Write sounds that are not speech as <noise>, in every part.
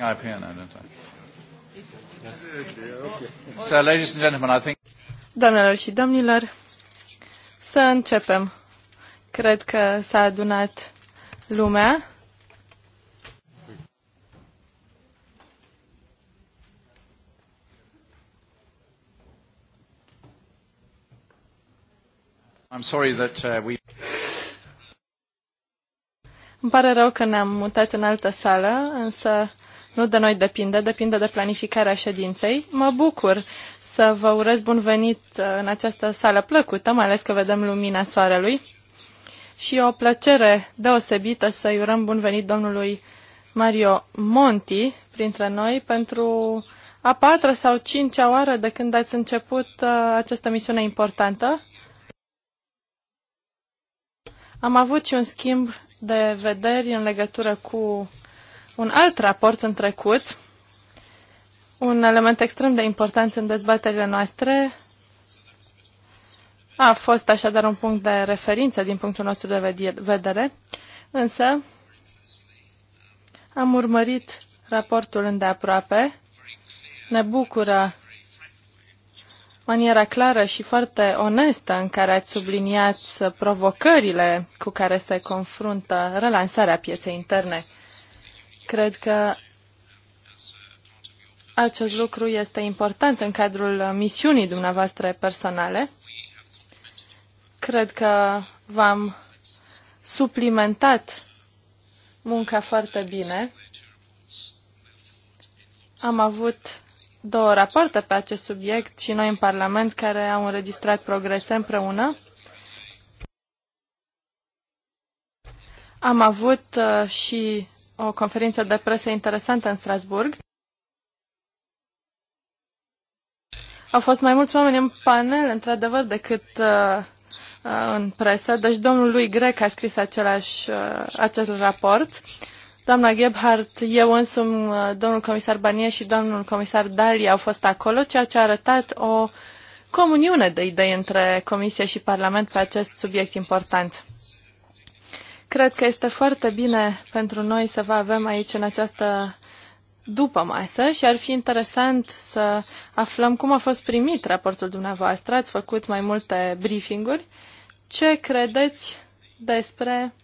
I don't I? Yes. So, ladies and gentlemen, I think... Doamnelor și domnilor, să începem. Cred că s-a adunat lumea. I'm sorry that uh, we... Îmi pare rău că ne-am mutat în altă sală, însă nu de noi depinde, depinde de planificarea ședinței. Mă bucur să vă urez bun venit uh, în această sală plăcută, mai ales că vedem lumina soarelui. Și o plăcere deosebită să-i urăm bun venit domnului Mario Monti printre noi pentru a patra sau cincea oară de când ați început uh, această misiune importantă. Am avut și un schimb de vederi în legătură cu un alt raport în trecut, un element extrem de important în dezbaterile noastre a fost așadar un punct de referință din punctul nostru de vedere, însă am urmărit raportul îndeaproape. Ne bucură maniera clară și foarte onestă în care ați subliniat provocările cu care se confruntă relansarea pieței interne. Cred că acest lucru este important în cadrul misiunii dumneavoastră personale. Cred că v-am suplimentat munca foarte bine. Am avut două rapoarte pe acest subiect și noi în Parlament care au înregistrat progrese împreună. Am avut uh, și o conferință de presă interesantă în Strasburg. Au fost mai mulți oameni în panel, într-adevăr, decât uh, uh în presă. Deci domnul lui Grec a scris același, uh, acel raport. Doamna Gebhardt, eu însumi, uh, domnul comisar Banie și domnul comisar Dali au fost acolo, ceea ce a arătat o comuniune de idei între Comisie și Parlament pe acest subiect important. Cred că este foarte bine pentru noi să vă avem aici în această după masă și ar fi interesant să aflăm cum a fost primit raportul dumneavoastră. Ați făcut mai multe briefinguri. Ce credeți despre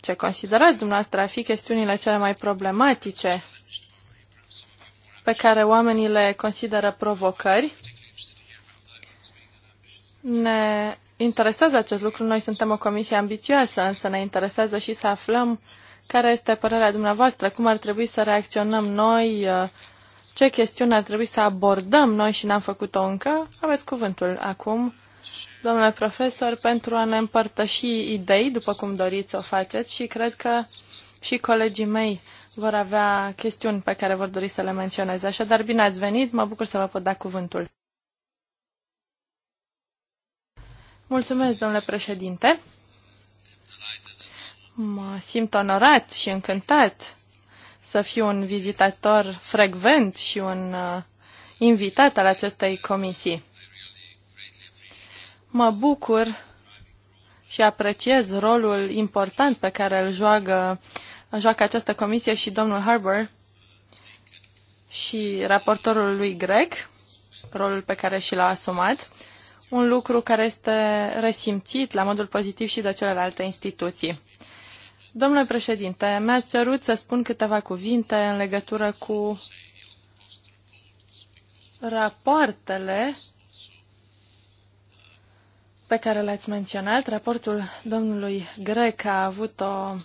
ce considerați dumneavoastră a fi chestiunile cele mai problematice pe care oamenii le consideră provocări? Ne interesează acest lucru. Noi suntem o comisie ambițioasă, însă ne interesează și să aflăm care este părerea dumneavoastră, cum ar trebui să reacționăm noi, uh, ce chestiuni ar trebui să abordăm noi și n-am făcut-o încă. Aveți cuvântul acum, domnule profesor, pentru a ne împărtăși idei, după cum doriți să o faceți și cred că și colegii mei vor avea chestiuni pe care vor dori să le menționeze. Așadar, bine ați venit, mă bucur să vă pot da cuvântul. Mulțumesc, domnule președinte. Mă simt onorat și încântat să fiu un vizitator frecvent și un uh, invitat al acestei comisii. Mă bucur și apreciez rolul important pe care îl joacă, joacă această comisie și domnul Harbour și raportorul lui Greg, rolul pe care și l-a asumat un lucru care este resimțit la modul pozitiv și de celelalte instituții. Domnule președinte, mi-ați cerut să spun câteva cuvinte în legătură cu rapoartele pe care le-ați menționat. Raportul domnului Grec a avut o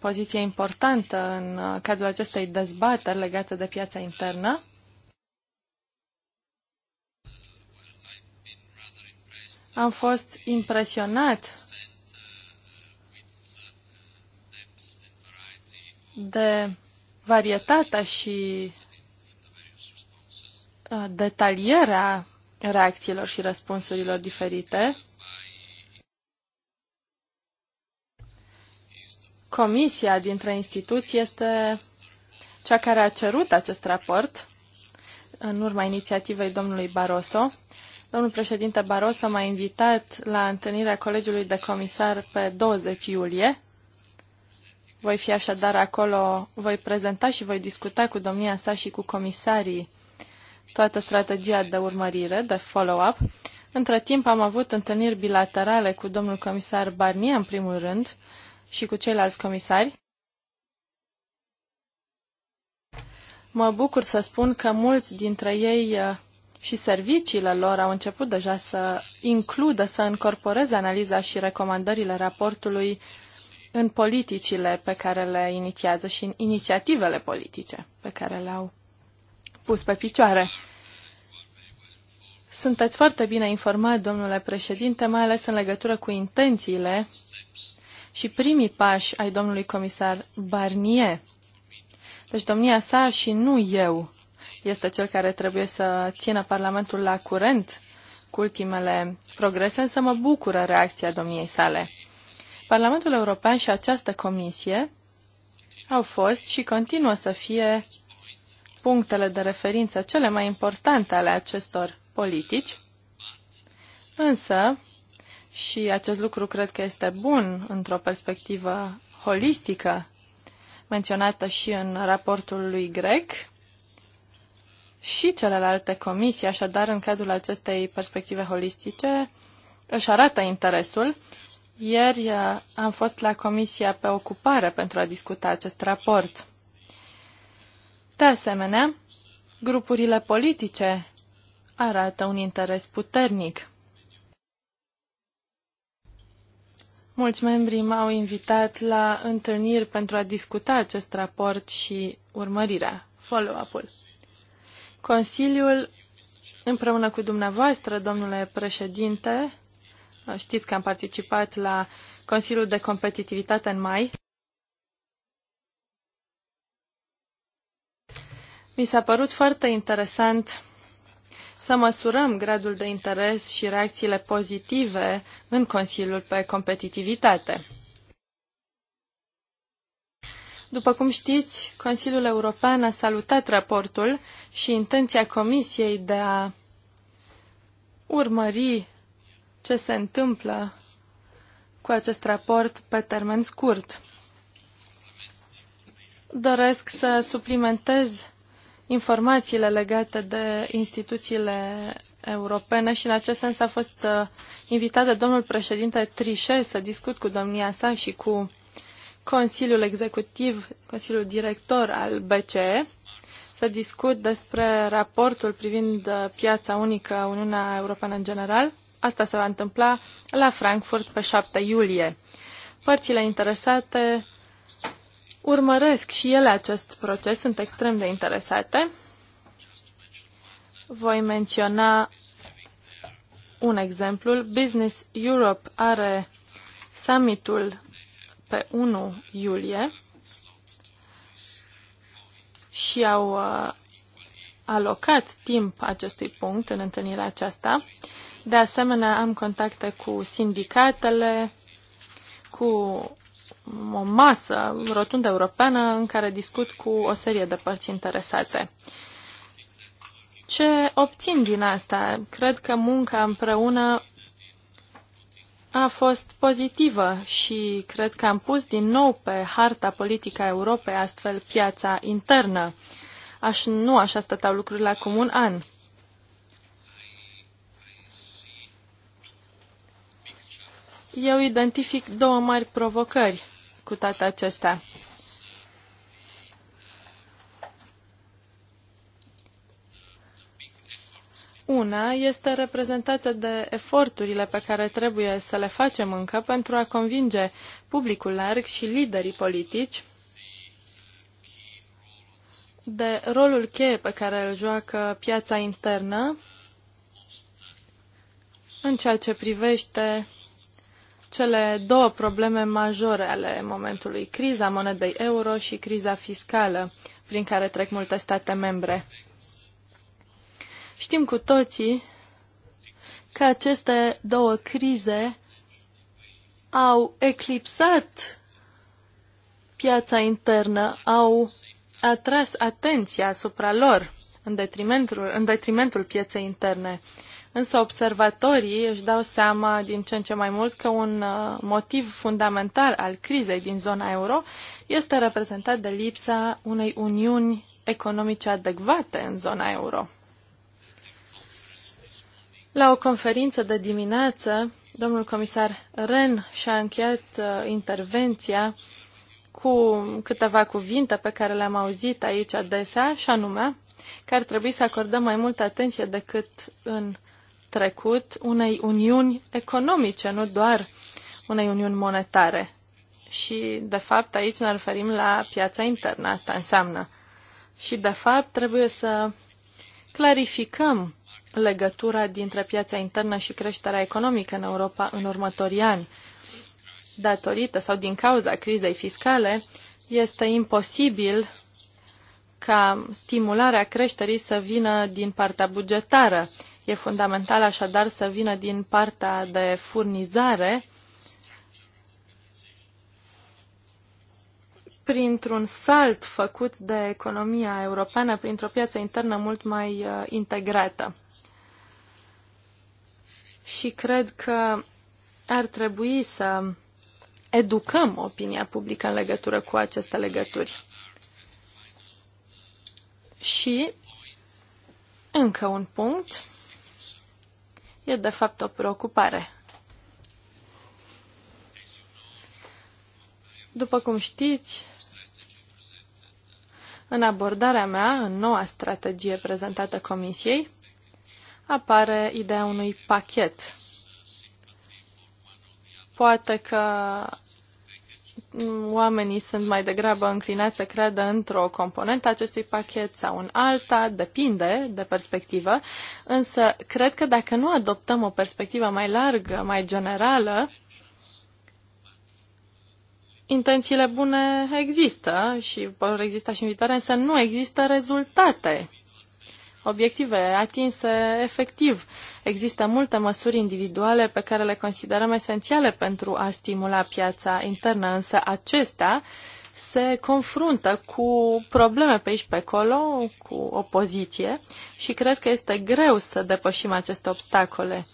poziție importantă în uh, cadrul acestei dezbateri legate de piața internă. Am fost impresionat de varietatea și uh, detalierea reacțiilor și răspunsurilor diferite. Comisia dintre instituții este cea care a cerut acest raport în urma inițiativei domnului Barroso Domnul președinte Baros m-a invitat la întâlnirea Colegiului de Comisar pe 20 iulie. Voi fi așadar acolo, voi prezenta și voi discuta cu domnia sa și cu comisarii toată strategia de urmărire, de follow-up. Între timp am avut întâlniri bilaterale cu domnul comisar Barnier, în primul rând, și cu ceilalți comisari. Mă bucur să spun că mulți dintre ei uh, și serviciile lor au început deja să includă, să încorporeze analiza și recomandările raportului în politicile pe care le inițiază și în inițiativele politice pe care le-au pus pe picioare. Sunteți foarte bine informat, domnule președinte, mai ales în legătură cu intențiile și primii pași ai domnului comisar Barnier. Deci domnia sa și nu eu este cel care trebuie să țină Parlamentul la curent cu ultimele progrese, însă mă bucură reacția domniei sale. Parlamentul European și această comisie au fost și continuă să fie punctele de referință cele mai importante ale acestor politici, însă, și acest lucru cred că este bun într-o perspectivă holistică menționată și în raportul lui Grec, și celelalte comisii, așadar, în cadrul acestei perspective holistice, își arată interesul. Ieri uh, am fost la Comisia pe Ocupare pentru a discuta acest raport. De asemenea, grupurile politice arată un interes puternic. Mulți membri m-au invitat la întâlniri pentru a discuta acest raport și urmărirea, follow-up-ul. Consiliul, împreună cu dumneavoastră, domnule președinte, știți că am participat la Consiliul de Competitivitate în mai, mi s-a părut foarte interesant să măsurăm gradul de interes și reacțiile pozitive în Consiliul pe competitivitate. După cum știți, Consiliul European a salutat raportul și intenția Comisiei de a urmări ce se întâmplă cu acest raport pe termen scurt. Doresc să suplimentez informațiile legate de instituțiile europene și în acest sens a fost uh, invitat de domnul președinte Trichet să discut cu domnia sa și cu Consiliul Executiv, Consiliul Director al BCE, să discut despre raportul privind uh, piața unică a Uniunea Europeană în general. Asta se va întâmpla la Frankfurt pe 7 iulie. Părțile interesate urmăresc și ele acest proces, sunt extrem de interesate. Voi menționa un exemplu. Business Europe are summitul pe 1 iulie și au uh, alocat timp acestui punct în întâlnirea aceasta. De asemenea, am contacte cu sindicatele, cu o masă rotundă europeană în care discut cu o serie de părți interesate. Ce obțin din asta? Cred că munca împreună a fost pozitivă și cred că am pus din nou pe harta politică a Europei astfel piața internă. Aș, nu așa stăteau lucrurile acum un an. Eu identific două mari provocări cu toate acestea. Una este reprezentată de eforturile pe care trebuie să le facem încă pentru a convinge publicul larg și liderii politici de rolul cheie pe care îl joacă piața internă în ceea ce privește cele două probleme majore ale momentului, criza monedei euro și criza fiscală prin care trec multe state membre. Știm cu toții că aceste două crize au eclipsat piața internă, au atras atenția asupra lor în detrimentul, în detrimentul pieței interne. Însă observatorii își dau seama din ce în ce mai mult că un uh, motiv fundamental al crizei din zona euro este reprezentat de lipsa unei uniuni economice adecvate în zona euro. La o conferință de dimineață, domnul comisar Ren și-a încheiat uh, intervenția cu câteva cuvinte pe care le-am auzit aici adesea, și anume că ar trebui să acordăm mai multă atenție decât în trecut unei uniuni economice, nu doar unei uniuni monetare. Și, de fapt, aici ne referim la piața internă, asta înseamnă. Și, de fapt, trebuie să clarificăm legătura dintre piața internă și creșterea economică în Europa în următorii ani. Datorită sau din cauza crizei fiscale, este imposibil ca stimularea creșterii să vină din partea bugetară. E fundamental așadar să vină din partea de furnizare printr-un salt făcut de economia europeană, printr-o piață internă mult mai uh, integrată și cred că ar trebui să educăm opinia publică în legătură cu aceste legături. Și încă un punct e de fapt o preocupare. După cum știți, în abordarea mea, în noua strategie prezentată Comisiei, apare ideea unui pachet. Poate că oamenii sunt mai degrabă înclinați să creadă într-o componentă acestui pachet sau în alta, depinde de perspectivă, însă cred că dacă nu adoptăm o perspectivă mai largă, mai generală, intențiile bune există și vor exista și viitoare, însă nu există rezultate obiective atinse efectiv. Există multe măsuri individuale pe care le considerăm esențiale pentru a stimula piața internă, însă acestea se confruntă cu probleme pe aici pe acolo, cu opoziție și cred că este greu să depășim aceste obstacole.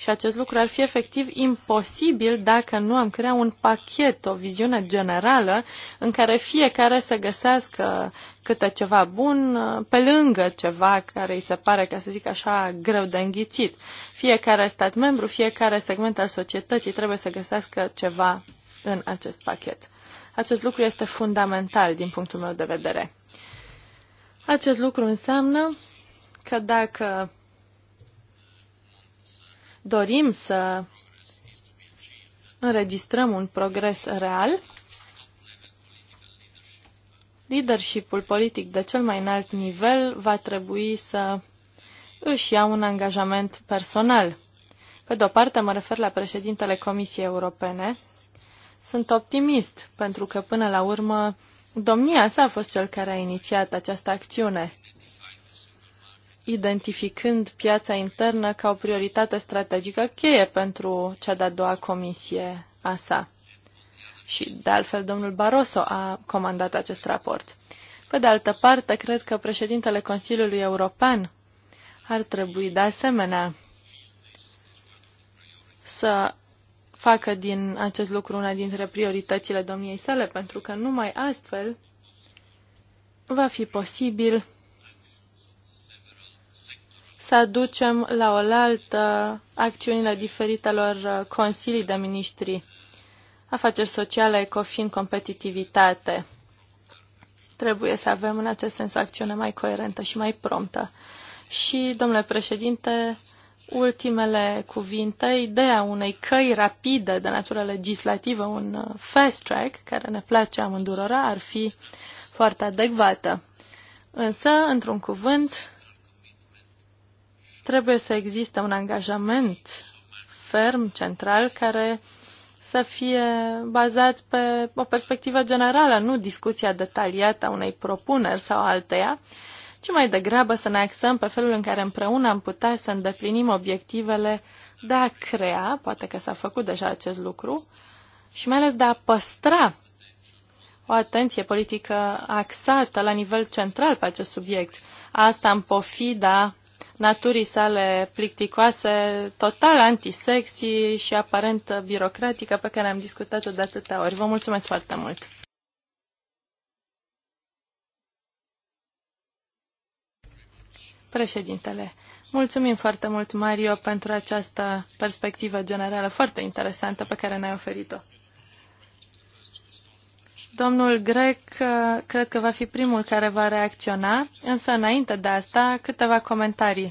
Și acest lucru ar fi efectiv imposibil dacă nu am crea un pachet, o viziune generală în care fiecare să găsească câte ceva bun uh, pe lângă ceva care îi se pare, ca să zic așa, greu de înghițit. Fiecare stat membru, fiecare segment al societății trebuie să găsească ceva în acest pachet. Acest lucru este fundamental din punctul meu de vedere. Acest lucru înseamnă că dacă dorim să înregistrăm un progres real, leadershipul politic de cel mai înalt nivel va trebui să își ia un angajament personal. Pe de-o parte, mă refer la președintele Comisiei Europene. Sunt optimist, pentru că până la urmă domnia sa a fost cel care a inițiat această acțiune identificând piața internă ca o prioritate strategică cheie pentru cea de-a doua comisie a sa. Și, de altfel, domnul Barroso a comandat acest raport. Pe de altă parte, cred că președintele Consiliului European ar trebui, de asemenea, să facă din acest lucru una dintre prioritățile domniei sale, pentru că numai astfel va fi posibil să aducem la oaltă acțiunile diferitelor uh, consilii de miniștri, afaceri sociale, ecofin, competitivitate. Trebuie să avem în acest sens o acțiune mai coerentă și mai promptă. Și, domnule președinte, ultimele cuvinte, ideea unei căi rapide de natură legislativă, un uh, fast track, care ne place amândurora, ar fi foarte adecvată. Însă, într-un cuvânt, Trebuie să existe un angajament ferm, central, care să fie bazat pe o perspectivă generală, nu discuția detaliată a unei propuneri sau alteia, ci mai degrabă să ne axăm pe felul în care împreună am putea să îndeplinim obiectivele de a crea, poate că s-a făcut deja acest lucru, și mai ales de a păstra o atenție politică axată la nivel central pe acest subiect. Asta în pofida naturii sale plicticoase, total antisexy și aparent birocratică pe care am discutat-o de atâtea ori. Vă mulțumesc foarte mult! Președintele, mulțumim foarte mult, Mario, pentru această perspectivă generală foarte interesantă pe care ne-ai oferit-o. Domnul Grec uh, cred că va fi primul care va reacționa, însă înainte de asta câteva comentarii.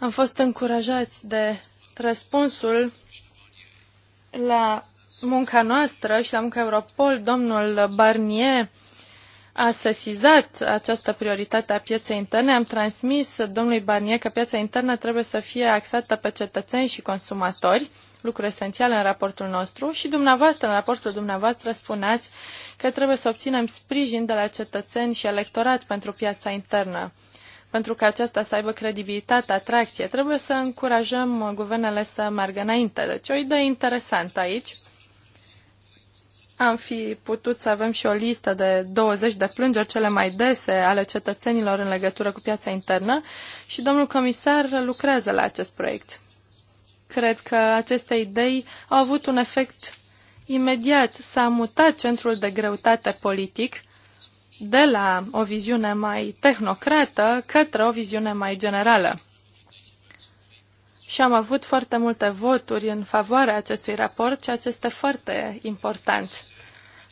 Am fost încurajați de răspunsul la munca noastră și la munca Europol. Domnul Barnier a sesizat această prioritate a pieței interne. Am transmis domnului Barnier că piața internă trebuie să fie axată pe cetățeni și consumatori lucru esențial în raportul nostru și dumneavoastră, în raportul dumneavoastră, spuneați că trebuie să obținem sprijin de la cetățeni și electorat pentru piața internă. Pentru că aceasta să aibă credibilitate, atracție, trebuie să încurajăm guvernele să meargă înainte. Deci o idee interesantă aici. Am fi putut să avem și o listă de 20 de plângeri cele mai dese ale cetățenilor în legătură cu piața internă și domnul comisar lucrează la acest proiect. Cred că aceste idei au avut un efect imediat. S-a mutat centrul de greutate politic de la o viziune mai tehnocrată către o viziune mai generală. Și am avut foarte multe voturi în favoarea acestui raport, ceea ce este foarte important.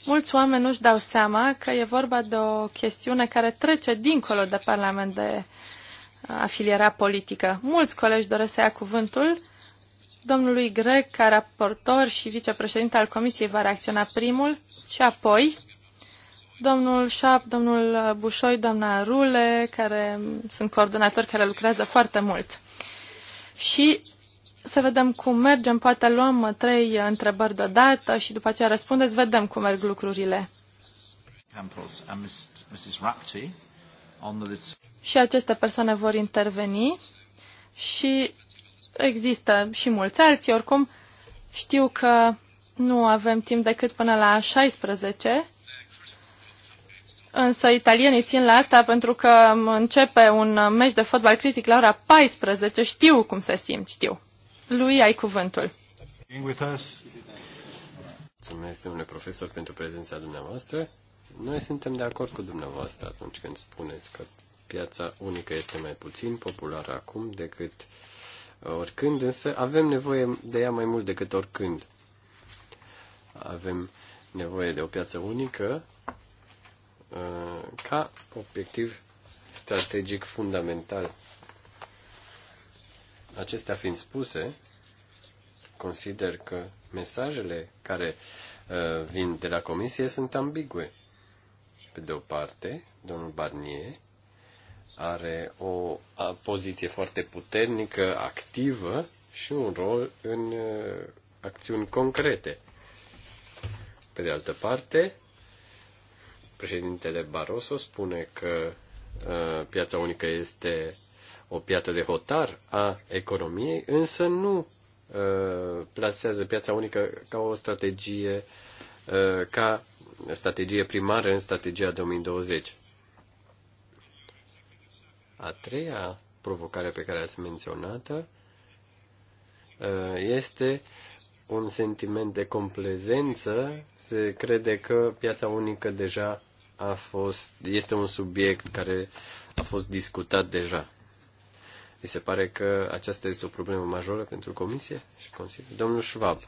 Mulți oameni nu-și dau seama că e vorba de o chestiune care trece dincolo de Parlament de afiliera politică. Mulți colegi doresc să ia cuvântul domnului Grec, ca raportor și vicepreședinte al Comisiei, va reacționa primul și apoi domnul Șap, domnul Bușoi, doamna Rule, care sunt coordonatori care lucrează foarte mult. Și să vedem cum mergem, poate luăm trei întrebări deodată și după aceea răspundeți, vedem cum merg lucrurile. Și aceste persoane vor interveni și există și mulți alții, oricum știu că nu avem timp decât până la 16, însă italienii țin la asta pentru că începe un meci de fotbal critic la ora 14. Știu cum se simt, știu. Lui ai cuvântul. Mulțumesc, domnule profesor, pentru prezența dumneavoastră. Noi suntem de acord cu dumneavoastră atunci când spuneți că piața unică este mai puțin populară acum decât uh, oricând, însă avem nevoie de ea mai mult decât oricând. Avem nevoie de o piață unică uh, ca obiectiv strategic fundamental. Acestea fiind spuse, consider că mesajele care uh, vin de la comisie sunt ambigue. Pe de o parte, domnul Barnier are o poziție foarte puternică, activă și un rol în uh, acțiuni concrete. Pe de altă parte, președintele Barroso spune că uh, piața unică este o piată de hotar a economiei, însă nu uh, plasează piața unică ca o strategie ca strategie primară în strategia 2020. A treia provocare pe care ați menționat uh, este un sentiment de complezență. Se crede că piața unică deja a fost, este un subiect care a fost discutat deja. Mi se pare că aceasta este o problemă majoră pentru Comisie și Consiliu. Domnul Schwab.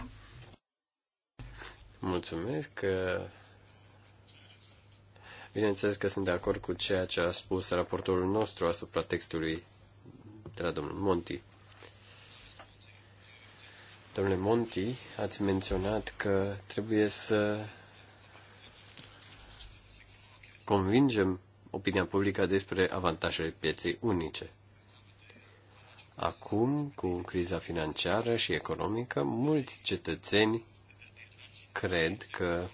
Mulțumesc că uh, Bineînțeles că sunt de acord cu ceea ce a spus raportorul nostru asupra textului de la domnul Monti. Domnule Monti, ați menționat că trebuie să convingem opinia publică despre avantajele pieței unice. Acum, cu criza financiară și economică, mulți cetățeni cred că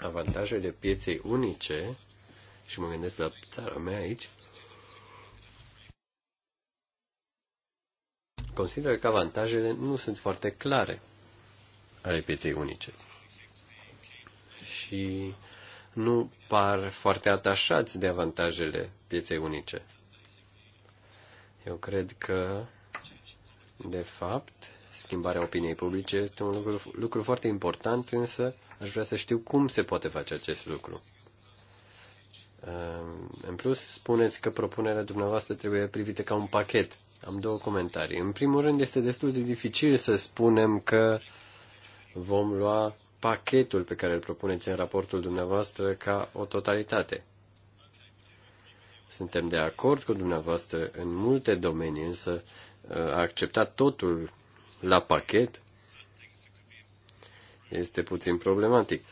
Avantajele pieței unice, și mă gândesc la țara mea aici, consider că avantajele nu sunt foarte clare ale pieței unice. Și nu par foarte atașați de avantajele pieței unice. Eu cred că, de fapt, schimbarea opiniei publice este un lucru, lucru foarte important, însă aș vrea să știu cum se poate face acest lucru. Ehm, în plus, spuneți că propunerea dumneavoastră trebuie privită ca un pachet. Am două comentarii. În primul rând, este destul de dificil să spunem că vom lua pachetul pe care îl propuneți în raportul dumneavoastră ca o totalitate. Suntem de acord cu dumneavoastră în multe domenii, însă eh, a accepta totul la pachet este puțin problematic.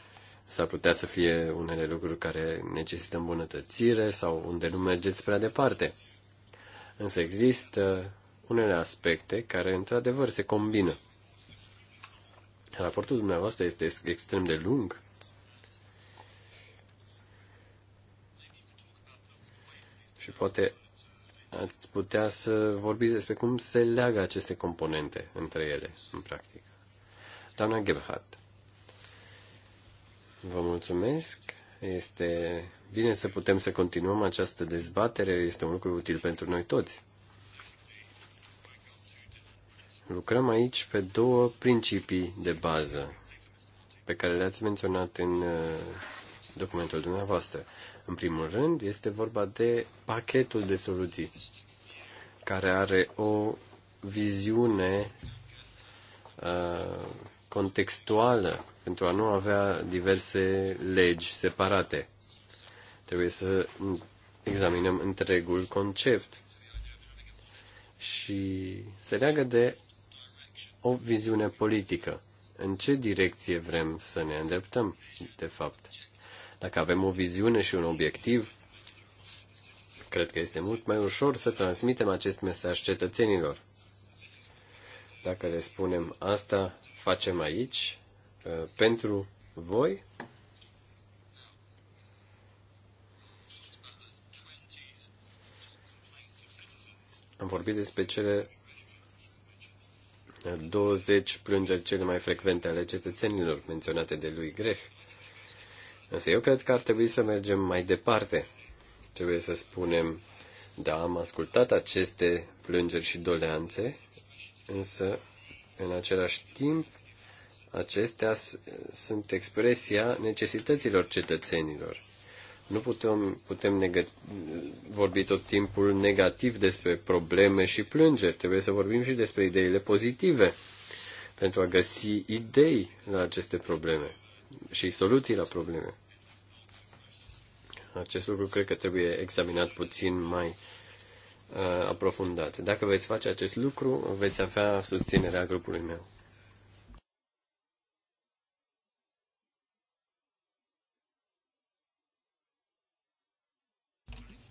S-ar putea să fie unele lucruri care necesită îmbunătățire sau unde nu mergeți prea departe. Însă există unele aspecte care într-adevăr se combină. Raportul dumneavoastră este extrem de lung. Și poate ați putea să vorbiți despre cum se leagă aceste componente între ele, în practică. Doamna Gebhardt, vă mulțumesc. Este bine să putem să continuăm această dezbatere. Este un lucru util pentru noi toți. Lucrăm aici pe două principii de bază pe care le-ați menționat în uh, documentul dumneavoastră. În primul rând, este vorba de pachetul de soluții, care are o viziune uh, contextuală pentru a nu avea diverse legi separate. Trebuie să examinăm întregul concept și se leagă de o viziune politică. În ce direcție vrem să ne îndreptăm, de fapt? Dacă avem o viziune și un obiectiv, cred că este mult mai ușor să transmitem acest mesaj cetățenilor. Dacă le spunem asta facem aici ă, pentru voi, am vorbit despre cele 20 plângeri cele mai frecvente ale cetățenilor menționate de lui Greh. Însă eu cred că ar trebui să mergem mai departe. Trebuie să spunem, da, am ascultat aceste plângeri și doleanțe, însă, în același timp, acestea sunt expresia necesităților cetățenilor. Nu putem, putem vorbi tot timpul negativ despre probleme și plângeri. Trebuie să vorbim și despre ideile pozitive pentru a găsi idei la aceste probleme și soluții la probleme. Acest lucru cred că trebuie examinat puțin mai uh, aprofundat. Dacă veți face acest lucru, veți avea susținerea grupului meu.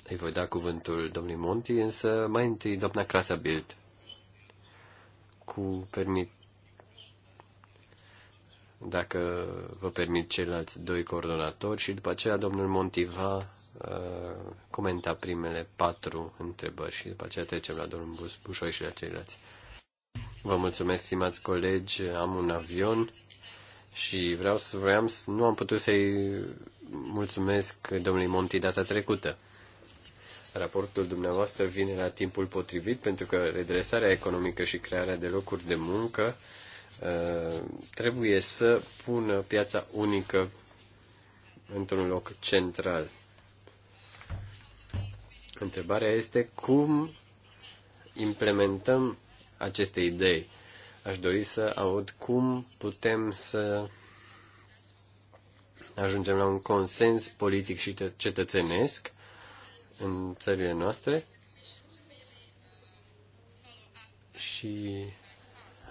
Îi voi da cuvântul domnului Monti, însă mai întâi doamna Crața Bild. Cu permit dacă vă permit ceilalți doi coordonatori și după aceea domnul Montiva uh, comenta primele patru întrebări și după aceea trecem la domnul Bușoi și la ceilalți. Vă mulțumesc, stimați colegi, am un avion și vreau să vreau să nu am putut să-i mulțumesc domnului Monti data trecută. Raportul dumneavoastră vine la timpul potrivit pentru că redresarea economică și crearea de locuri de muncă Uh, trebuie să pună piața unică într-un loc central. Întrebarea este cum implementăm aceste idei. Aș dori să aud cum putem să ajungem la un consens politic și cetățenesc în țările noastre și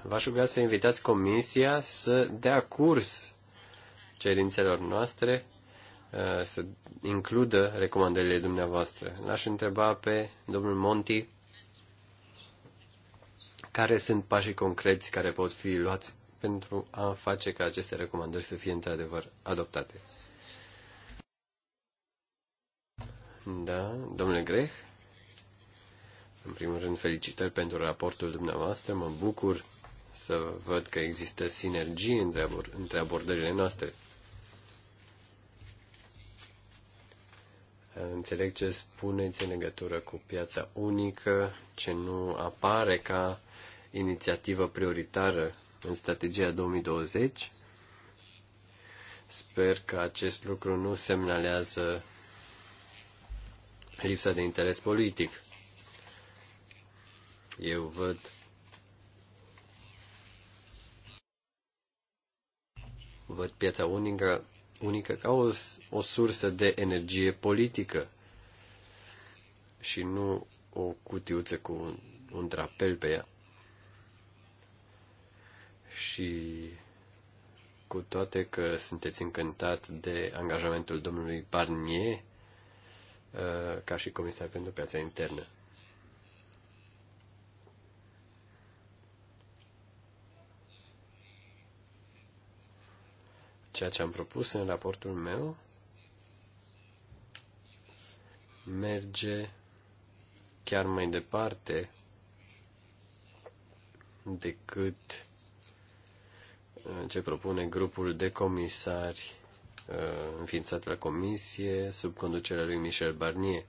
V-aș ruga să invitați Comisia să dea curs cerințelor noastre, uh, să includă recomandările dumneavoastră. L-aș întreba pe domnul Monti care sunt pașii concreți care pot fi luați pentru a face ca aceste recomandări să fie într-adevăr adoptate. Da, domnule Greh, în primul rând felicitări pentru raportul dumneavoastră, mă bucur să văd că există sinergii între, între abordările noastre. Înțeleg ce spuneți în legătură cu piața unică, ce nu apare ca inițiativă prioritară în strategia 2020. Sper că acest lucru nu semnalează lipsa de interes politic. Eu văd văd piața unică, unică ca o, o sursă de energie politică și nu o cutiuță cu un, un drapel pe ea. Și cu toate că sunteți încântat de angajamentul domnului Barnier uh, ca și comisar pentru piața internă. Ceea ce am propus în raportul meu merge chiar mai departe decât uh, ce propune grupul de comisari uh, înființat la comisie sub conducerea lui Michel Barnier.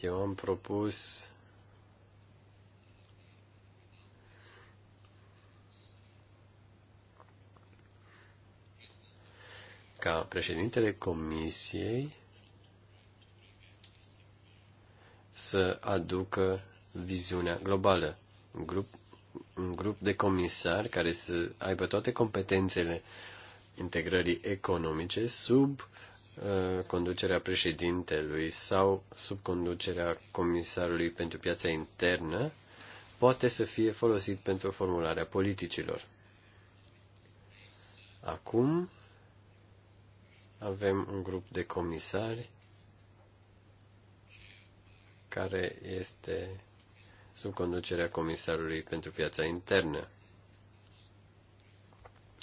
Eu am propus ca președintele comisiei să aducă viziunea globală. Un grup, un grup de comisari care să aibă toate competențele integrării economice sub uh, conducerea președintelui sau sub conducerea comisarului pentru piața internă poate să fie folosit pentru formularea politicilor. Acum avem un grup de comisari care este sub conducerea Comisarului pentru Piața Internă.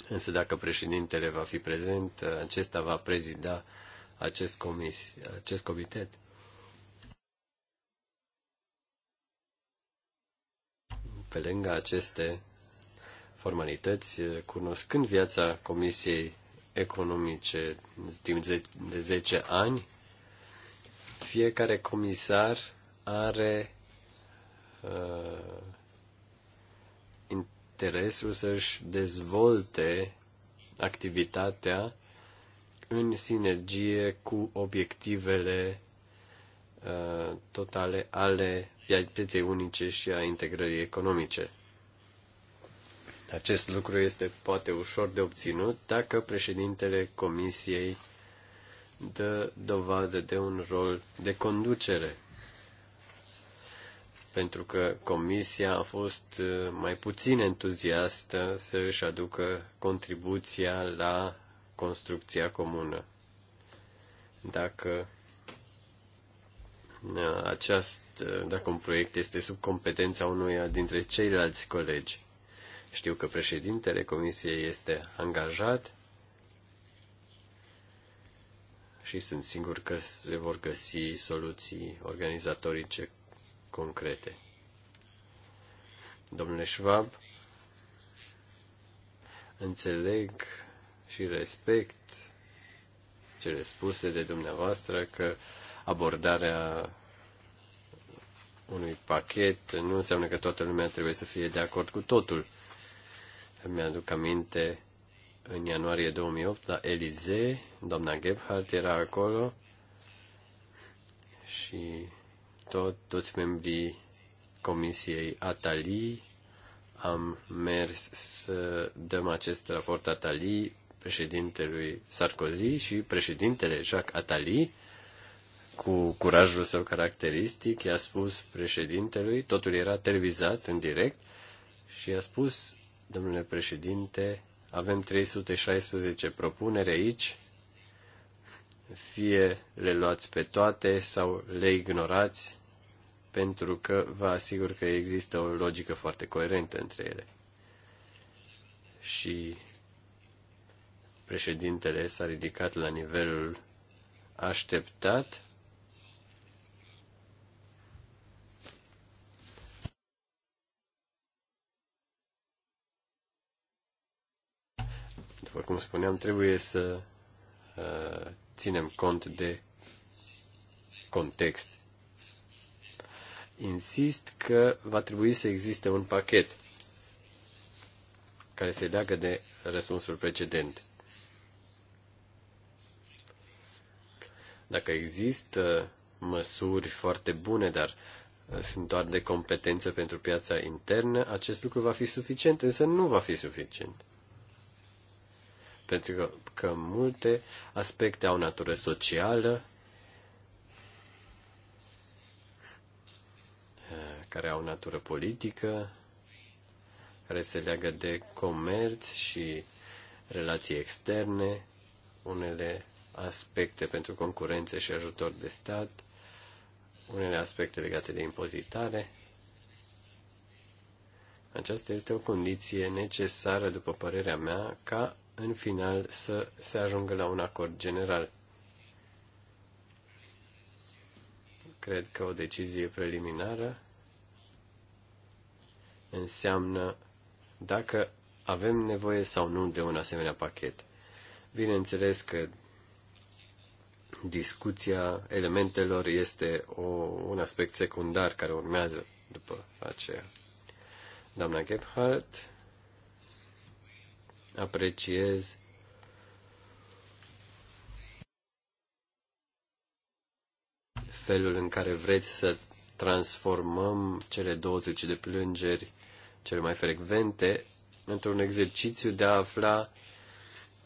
Însă dacă președintele va fi prezent, acesta va prezida acest, comis, acest comitet. Pe lângă aceste formalități, cunoscând viața Comisiei economice timp de 10 ani, fiecare comisar are uh, interesul să-și dezvolte activitatea în sinergie cu obiectivele uh, totale ale pieței unice și a integrării economice. Acest lucru este poate ușor de obținut dacă președintele comisiei dă dovadă de un rol de conducere. Pentru că comisia a fost uh, mai puțin entuziastă să își aducă contribuția la construcția comună. Dacă uh, aceast, uh, dacă un proiect este sub competența unuia dintre ceilalți colegi. Știu că președintele comisiei este angajat și sunt sigur că se vor găsi soluții organizatorice concrete. Domnule Schwab, înțeleg și respect cele spuse de dumneavoastră că abordarea unui pachet nu înseamnă că toată lumea trebuie să fie de acord cu totul. Îmi aduc aminte în ianuarie 2008 la Elize, doamna Gebhardt era acolo și tot, toți membrii Comisiei Atali am mers să dăm acest raport Atali președintelui Sarkozy și președintele Jacques Atali, cu curajul său caracteristic, i-a spus președintelui, totul era televizat în direct, și i-a spus Domnule președinte, avem 316 propuneri aici. Fie le luați pe toate sau le ignorați, pentru că vă asigur că există o logică foarte coerentă între ele. Și președintele s-a ridicat la nivelul așteptat După cum spuneam, trebuie să uh, ținem cont de context. Insist că va trebui să existe un pachet care se leagă de răspunsul precedent. Dacă există măsuri foarte bune, dar uh, sunt doar de competență pentru piața internă, acest lucru va fi suficient, însă nu va fi suficient pentru că, că multe aspecte au natură socială, care au natură politică, care se leagă de comerț și relații externe, unele aspecte pentru concurență și ajutor de stat, unele aspecte legate de impozitare. Aceasta este o condiție necesară, după părerea mea, ca în final să se ajungă la un acord general. Cred că o decizie preliminară înseamnă dacă avem nevoie sau nu de un asemenea pachet. Bineînțeles că discuția elementelor este o, un aspect secundar care urmează după aceea. Doamna Gebhardt apreciez felul în care vreți să transformăm cele 20 de plângeri cele mai frecvente într-un exercițiu de a afla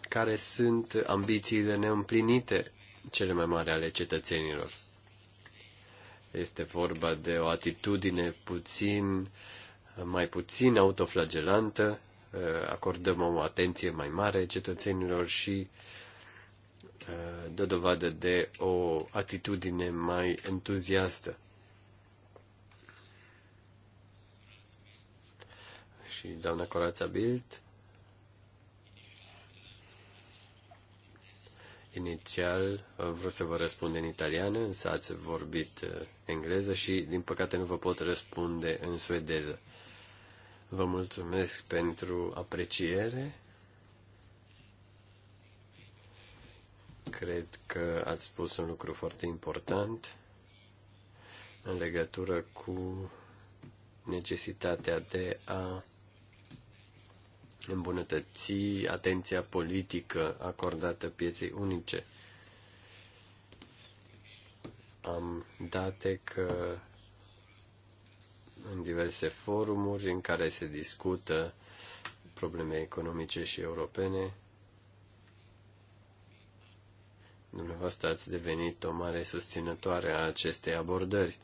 care sunt ambițiile neîmplinite cele mai mari ale cetățenilor. Este vorba de o atitudine puțin mai puțin autoflagelantă acordăm o atenție mai mare cetățenilor și uh, dă dovadă de o atitudine mai entuziastă. Și doamna Corața Bild Inițial vreau să vă răspund în italiană, însă ați vorbit uh, engleză și, din păcate, nu vă pot răspunde în suedeză. Vă mulțumesc pentru apreciere. Cred că ați spus un lucru foarte important în legătură cu necesitatea de a îmbunătăți atenția politică acordată pieței unice. Am date că în diverse forumuri în care se discută probleme economice și europene. Dumneavoastră ați devenit o mare susținătoare a acestei abordări,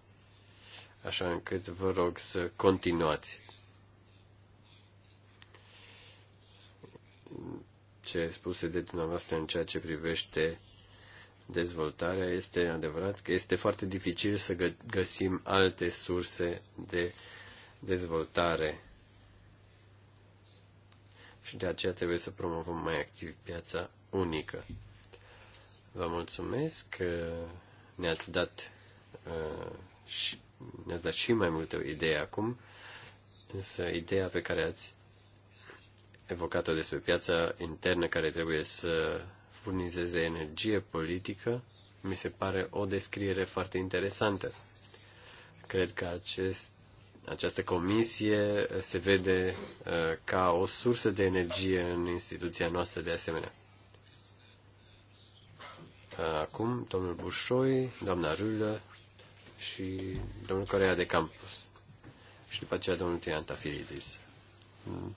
așa încât vă rog să continuați. Ce spuse de dumneavoastră în ceea ce privește dezvoltarea, este adevărat că este foarte dificil să gă găsim alte surse de dezvoltare. Și de aceea trebuie să promovăm mai activ piața unică. Vă mulțumesc că ne-ați dat, uh, și, ne-ați dat și mai multe idei acum, însă ideea pe care ați evocat-o despre piața internă care trebuie să furnizeze energie politică, mi se pare o descriere foarte interesantă. Cred că acest, această comisie uh, se vede uh, ca o sursă de energie în instituția noastră de asemenea. Uh, acum, domnul Bușoi, doamna Rulă și domnul Corea de Campus. Și după aceea domnul Tian Mm.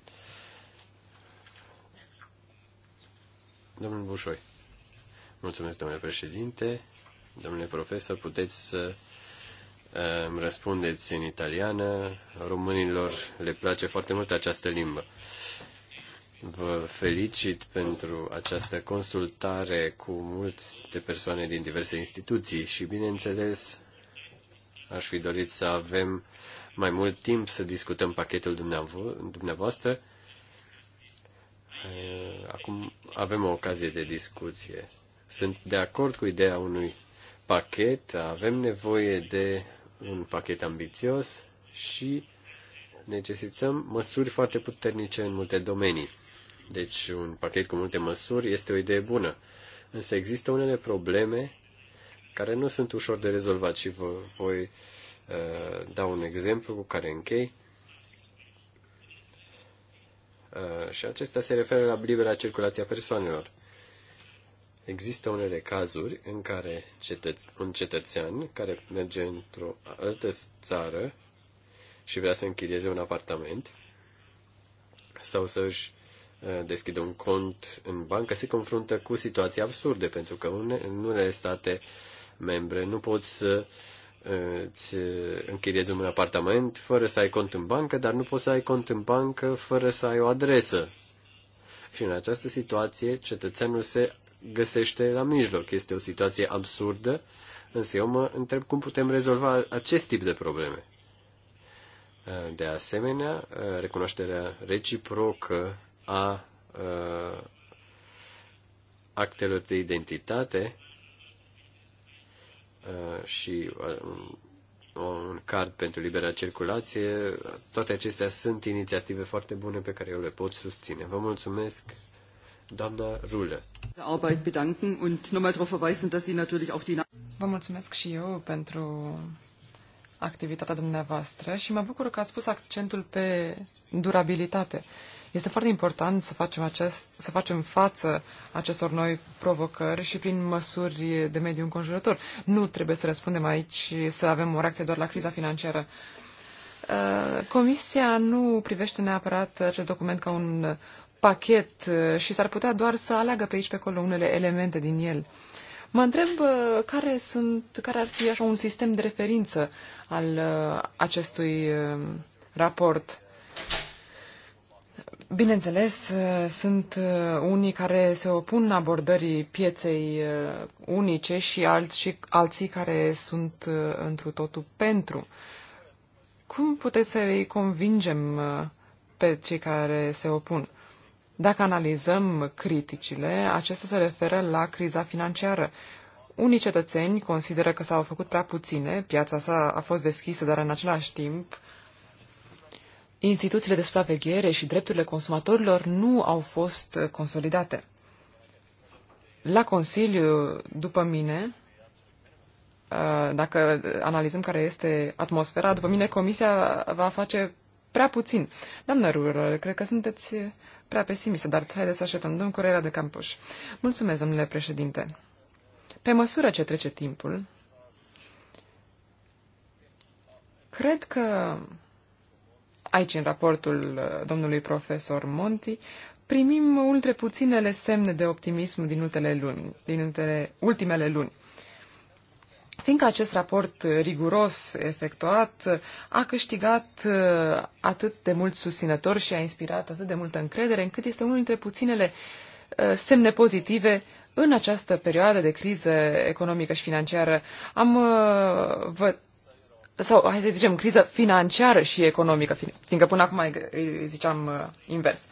Domnul Bușoi. Mulțumesc, domnule președinte. Domnule profesor, puteți să îmi um, răspundeți în italiană. Românilor le place foarte mult această limbă. Vă felicit pentru această consultare cu multe persoane din diverse instituții și, bineînțeles, aș fi dorit să avem mai mult timp să discutăm pachetul dumneavo- dumneavoastră, Acum avem o ocazie de discuție. Sunt de acord cu ideea unui pachet, avem nevoie de un pachet ambițios și necesităm măsuri foarte puternice în multe domenii. Deci un pachet cu multe măsuri este o idee bună. Însă există unele probleme care nu sunt ușor de rezolvat și vă voi uh, da un exemplu cu care închei. Uh, și acesta se referă la libera circulație a persoanelor. Există unele cazuri în care cetăț- un cetățean care merge într-o altă țară și vrea să închirieze un apartament sau să își uh, deschidă un cont în bancă, se confruntă cu situații absurde, pentru că în unele state membre nu pot să uh, îți închiriezi un apartament fără să ai cont în bancă, dar nu poți să ai cont în bancă fără să ai o adresă. Și în această situație, cetățeanul se găsește la mijloc. Este o situație absurdă, însă eu mă întreb cum putem rezolva acest tip de probleme. De asemenea, recunoașterea reciprocă a actelor de identitate Uh, și uh, un card pentru libera circulație, toate acestea sunt inițiative foarte bune pe care eu le pot susține. Vă mulțumesc, doamna Rule. Vă mulțumesc și eu pentru activitatea dumneavoastră și mă bucur că ați pus accentul pe durabilitate. Este foarte important să facem, acest, să facem față acestor noi provocări și prin măsuri de mediu înconjurător. Nu trebuie să răspundem aici, să avem o reacție doar la criza financiară. Uh, comisia nu privește neapărat acest document ca un pachet uh, și s-ar putea doar să aleagă pe aici pe acolo unele elemente din el. Mă întreb uh, care, sunt, care ar fi așa un sistem de referință al acestui raport. Bineînțeles, uh, sunt uh, unii care se opun abordării pieței uh, unice și și alții care sunt întru totul pentru. Cum puteți să îi convingem pe cei care se opun? Dacă analizăm criticile, acestea se referă la criza financiară. Unii cetățeni consideră că s-au făcut prea puține, piața sa a fost deschisă, dar în același timp uh, instituțiile de supraveghere și drepturile consumatorilor nu au fost uh, consolidate. La Consiliu, după mine, uh, dacă analizăm care este atmosfera, după mine Comisia va face prea puțin. Doamnă Rură, cred că sunteți prea pesimistă, dar haideți să așteptăm. Domnul Correa de Campuș. Mulțumesc, domnule președinte. Pe măsură ce trece timpul, cred că aici în raportul uh, domnului profesor Monti, primim între puținele semne de optimism din ultimele luni, din ultimele luni. Fiindcă acest raport riguros efectuat uh, a câștigat uh, atât de mult susținător și a inspirat atât de multă încredere, încât este unul dintre puținele semne pozitive în această perioadă de criză economică și financiară. Am, vă, sau hai să zicem criză financiară și economică, fiindcă până acum îi ziceam uh, invers.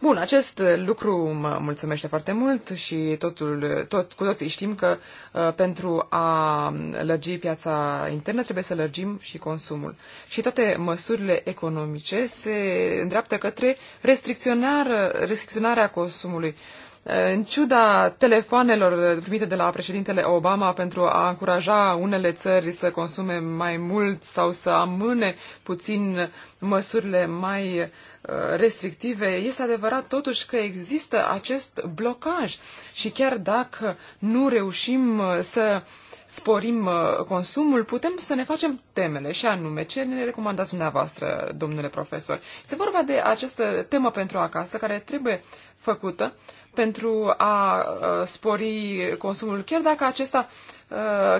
Bun, acest uh, lucru mă mulțumește foarte mult și totul, uh, tot, cu toții știm că uh, pentru a um, lărgi piața internă trebuie să lărgim și consumul. Și toate măsurile economice se îndreaptă către restricționarea, restricționarea consumului. Uh, în ciuda telefoanelor primite de la președintele Obama pentru a încuraja unele țări să consume mai mult sau să amâne puțin măsurile mai uh, restrictive, este adevărat totuși că există acest blocaj și chiar dacă nu reușim uh, să sporim uh, consumul, putem să ne facem temele și anume ce ne recomandați dumneavoastră, domnule profesor. Este vorba de această temă pentru acasă care trebuie făcută pentru a spori consumul, chiar dacă acesta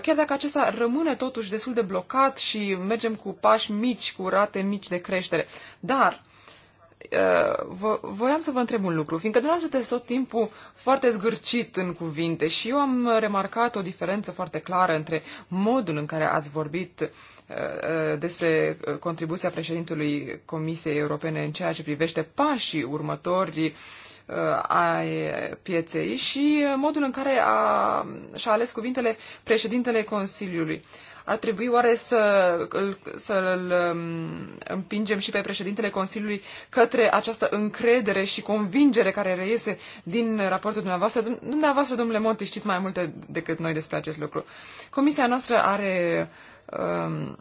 chiar dacă acesta rămâne totuși destul de blocat și mergem cu pași mici, cu rate mici de creștere. Dar voiam să vă întreb un lucru, fiindcă dumneavoastră te tot timpul foarte zgârcit în cuvinte și eu am remarcat o diferență foarte clară între modul în care ați vorbit despre contribuția președintelui Comisiei Europene în ceea ce privește pașii următorii. Uh, a pieței și uh, modul în care a, și-a ales cuvintele președintele Consiliului. Ar trebui oare să îl, să îl um, împingem și pe președintele Consiliului către această încredere și convingere care reiese din raportul dumneavoastră? Dumneavoastră, domnule Monti, știți mai multe decât noi despre acest lucru. Comisia noastră are, um,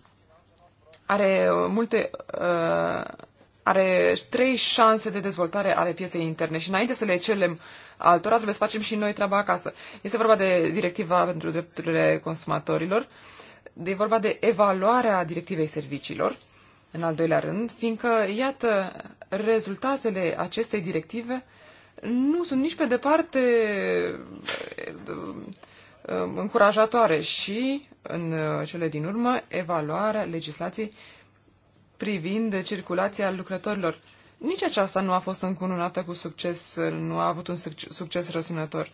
are multe uh, are trei șanse de dezvoltare ale pieței interne și înainte să le cerem altora, trebuie să facem și noi treaba acasă. Este vorba de directiva pentru drepturile consumatorilor, de vorba de evaluarea directivei serviciilor, în al doilea rând, fiindcă, iată, rezultatele acestei directive nu sunt nici pe departe uh, uh, încurajatoare și, în uh, cele din urmă, evaluarea legislației privind circulația lucrătorilor. Nici aceasta nu a fost încununată cu succes, nu a avut un succes răsunător.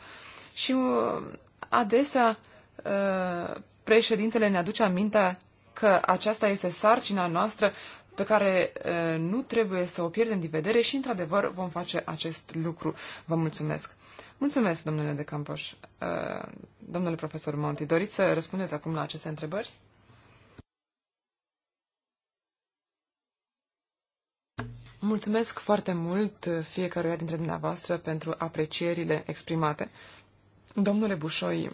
Și uh, adesea uh, președintele ne aduce amintea că aceasta este sarcina noastră pe care uh, nu trebuie să o pierdem din vedere și, într-adevăr, vom face acest lucru. Vă mulțumesc! Mulțumesc, domnule de Campoș. Domnule profesor Monti, doriți să răspundeți acum la aceste întrebări? Mulțumesc foarte mult fiecăruia dintre dumneavoastră pentru aprecierile exprimate. Domnule Bușoi,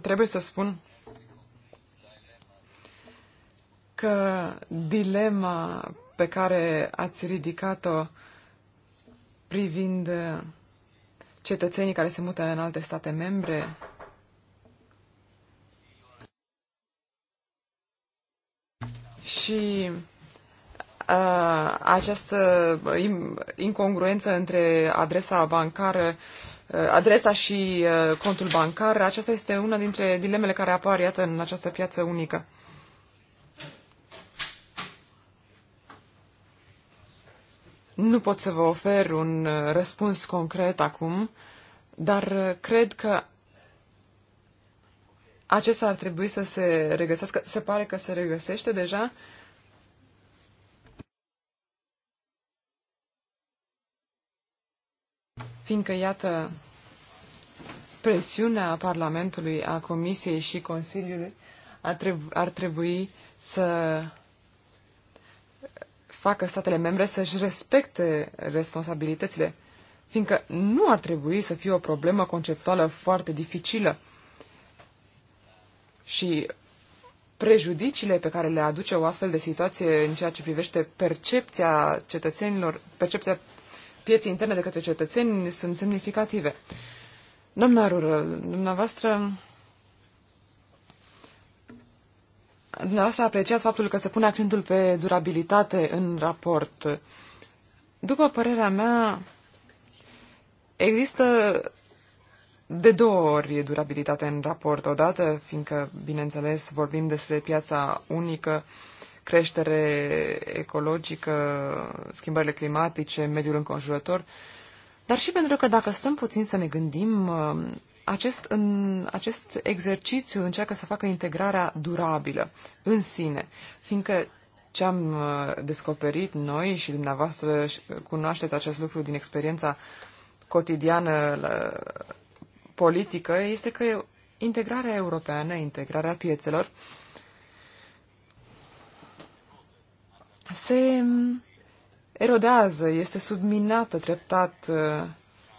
trebuie să spun că dilema pe care ați ridicat-o privind cetățenii care se mută în alte state membre și această uh, incongruență între adresa bancară, uh, adresa și uh, contul bancar, aceasta este una dintre dilemele care apar, iată, în această piață unică. Nu pot să vă ofer un răspuns concret acum, dar cred că acesta ar trebui să se regăsească. Se pare că se regăsește deja uh, fiindcă, iată, presiunea Parlamentului, a Comisiei și Consiliului ar, treb- ar trebui să facă statele membre să-și respecte responsabilitățile, fiindcă nu ar trebui să fie o problemă conceptuală foarte dificilă. Și prejudiciile pe care le aduce o astfel de situație în ceea ce privește percepția cetățenilor, percepția pieții interne de către cetățeni sunt semnificative. Doamna Rură, dumneavoastră, dumneavoastră apreciați faptul că se pune accentul pe durabilitate în raport. După părerea mea, există de două ori durabilitate în raport. Odată, fiindcă, bineînțeles, vorbim despre piața unică, uh, creștere ecologică, schimbările climatice, mediul înconjurător, dar și pentru că dacă stăm puțin să ne gândim, uh, acest, în, acest exercițiu încearcă să facă integrarea durabilă în sine, fiindcă ce am uh, descoperit noi și dumneavoastră uh, cunoașteți acest lucru din experiența cotidiană politică este că integrarea europeană, integrarea piețelor, se erodează, este subminată treptat,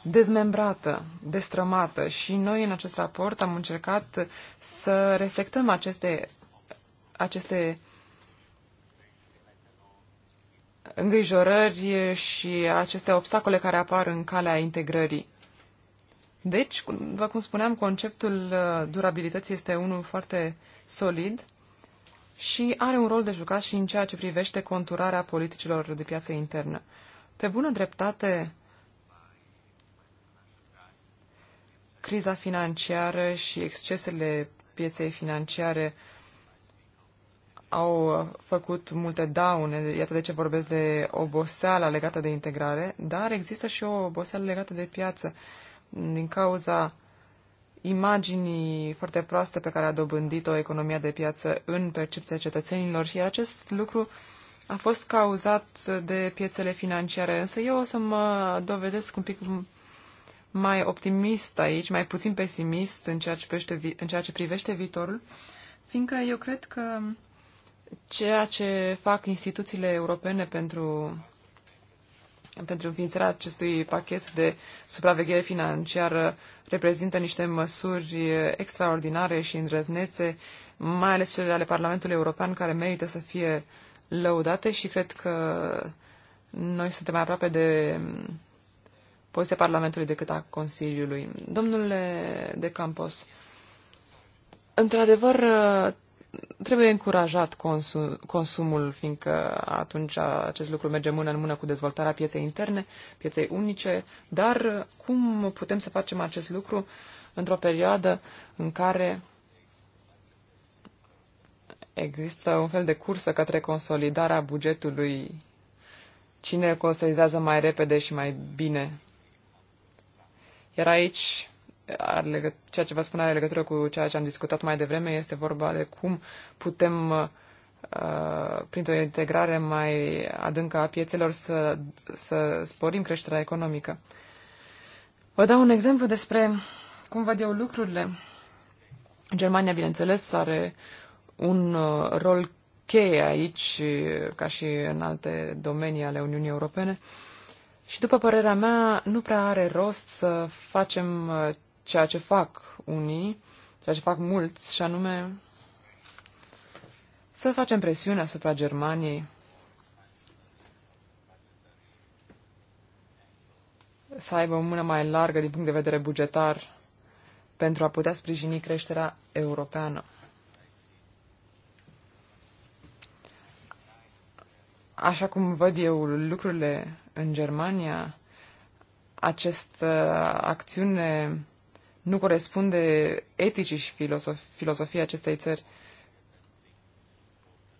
dezmembrată, destrămată și noi în acest raport am încercat să reflectăm aceste, aceste îngrijorări și aceste obstacole care apar în calea integrării. Deci, după cum spuneam, conceptul uh, durabilității este unul foarte solid și are un rol de jucat și în ceea ce privește conturarea politicilor de piață internă. Pe bună dreptate, criza financiară și excesele pieței financiare au făcut multe daune, iată de ce vorbesc de oboseala legată de integrare, dar există și o oboseală legată de piață din cauza imaginii foarte proaste pe care a dobândit-o economia de piață în percepția cetățenilor și acest lucru a fost cauzat de piețele financiare. Însă eu o să mă dovedesc un pic mai optimist aici, mai puțin pesimist în ceea ce privește, în ceea ce privește viitorul, fiindcă eu cred că ceea ce fac instituțiile europene pentru pentru înființarea acestui pachet de supraveghere financiară reprezintă niște măsuri extraordinare și îndrăznețe, mai ales cele ale Parlamentului European, care merită să fie lăudate și cred că noi suntem mai aproape de poziția Parlamentului decât a Consiliului. Domnule de Campos, într-adevăr, trebuie încurajat consum, consumul, fiindcă atunci acest lucru merge mână în mână cu dezvoltarea pieței interne, pieței unice, dar cum putem să facem acest lucru într-o perioadă în care există un fel de cursă către consolidarea bugetului? Cine consolidează mai repede și mai bine? Iar aici are ceea ce vă spun are legătură cu ceea ce am discutat mai devreme, este vorba de cum putem uh, printr-o integrare mai adâncă a piețelor să, să sporim creșterea economică. Vă dau un exemplu despre cum văd eu lucrurile. Germania, bineînțeles, are un uh, rol cheie aici, ca și în alte domenii ale Uniunii Europene. Și după părerea mea, nu prea are rost să facem uh, ceea ce fac unii, ceea ce fac mulți, și anume să facem presiune asupra Germaniei să aibă o mână mai largă din punct de vedere bugetar pentru a putea sprijini creșterea europeană. Așa cum văd eu lucrurile în Germania, această acțiune nu corespunde eticii și filosof, filosofia acestei țări.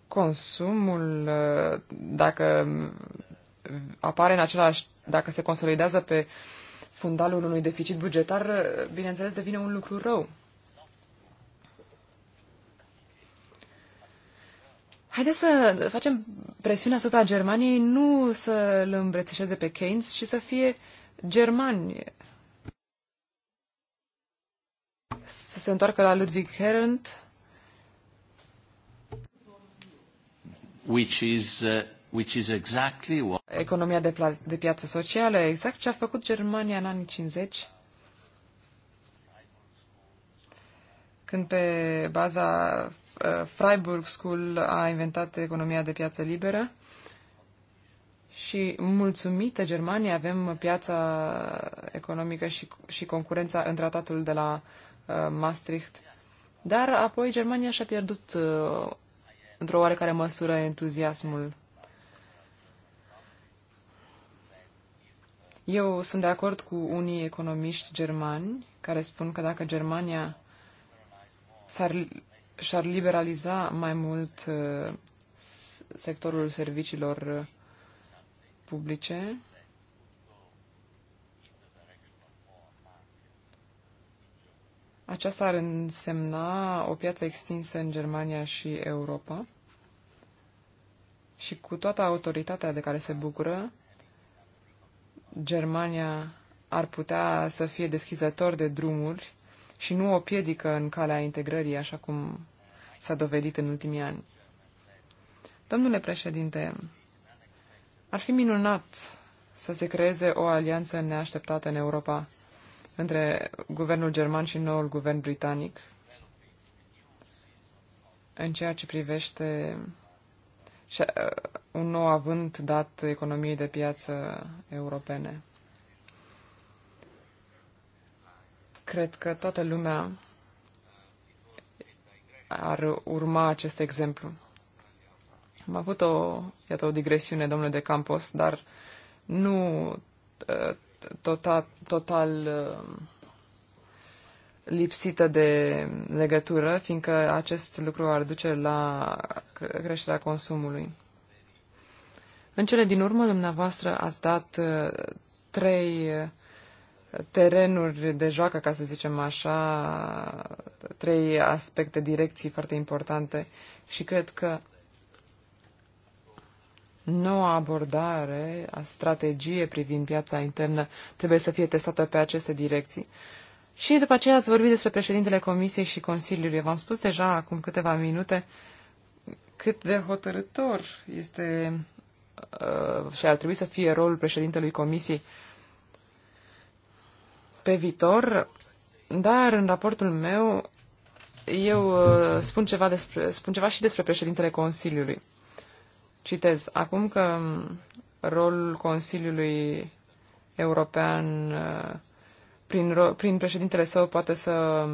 Consumul, uh, dacă apare în același, dacă se consolidează pe fundalul unui deficit bugetar, uh, bineînțeles devine un lucru rău. Haideți să facem presiune asupra Germaniei, nu să îl îmbrățișeze pe Keynes și să fie germani să se întoarcă la Ludwig Herent. Which is, uh, which is exactly what... Economia de, de piață socială, exact ce a făcut Germania în anii 50, când pe baza uh, Freiburg School a inventat economia de piață liberă. Și mulțumită Germania avem piața economică și, și concurența în tratatul de la Uh, Maastricht. Dar apoi Germania și-a pierdut uh, într-o oarecare măsură entuziasmul. Eu sunt de acord cu unii economiști germani care spun că dacă Germania s-ar, și-ar liberaliza mai mult uh, sectorul serviciilor publice, Aceasta ar însemna o piață extinsă în Germania și Europa și cu toată autoritatea de care se bucură, Germania ar putea să fie deschizător de drumuri și nu o piedică în calea integrării, așa cum s-a dovedit în ultimii ani. Domnule președinte, ar fi minunat să se creeze o alianță neașteptată în Europa între guvernul german și noul guvern britanic în ceea ce privește uh, un nou avânt dat economiei de piață europene. Cred că toată lumea ar urma acest exemplu. Am avut o, iată, o digresiune, domnule de Campos, dar nu uh, total, total uh, lipsită de legătură, fiindcă acest lucru ar duce la creșterea consumului. În cele din urmă, dumneavoastră ați dat uh, trei uh, terenuri de joacă, ca să zicem așa, trei aspecte, direcții foarte importante și cred că Noua abordare a strategie privind piața internă trebuie să fie testată pe aceste direcții. Și după aceea ați vorbit despre președintele Comisiei și Consiliului. V-am spus deja acum câteva minute cât de hotărător este uh, și ar trebui să fie rolul președintelui Comisiei pe viitor, dar în raportul meu eu uh, spun, ceva despre, spun ceva și despre președintele Consiliului. Citez, acum că rolul Consiliului European prin, prin președintele său poate să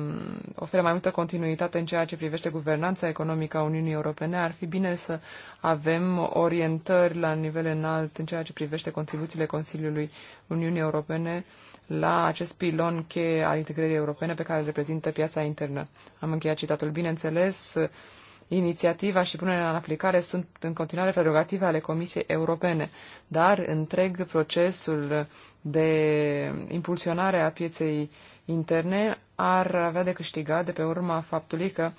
ofere mai multă continuitate în ceea ce privește guvernanța economică a Uniunii Europene, ar fi bine să avem orientări la nivel înalt în ceea ce privește contribuțiile Consiliului Uniunii Europene la acest pilon cheie al integrării europene pe care îl reprezintă piața internă. Am încheiat citatul. Bineînțeles, Inițiativa și punerea în aplicare sunt în continuare prerogative ale Comisiei Europene, dar întreg procesul de impulsionare a pieței interne ar avea de câștigat de pe urma faptului că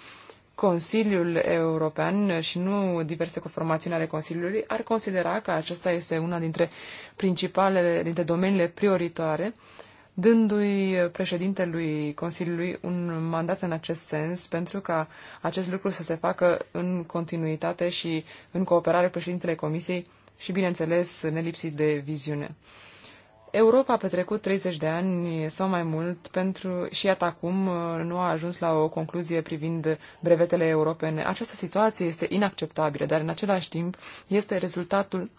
Consiliul European și nu diverse conformațiuni ale Consiliului ar considera că acesta este una dintre principalele, dintre domeniile prioritare uh, dându-i președintelui Consiliului un mandat în acest sens pentru ca acest lucru să se facă în continuitate și în cooperare cu președintele Comisiei și, bineînțeles, nelipsit de viziune. Europa a petrecut 30 de ani sau mai mult pentru și iată acum nu a ajuns la o concluzie privind brevetele europene. Această situație este inacceptabilă, dar în același timp este rezultatul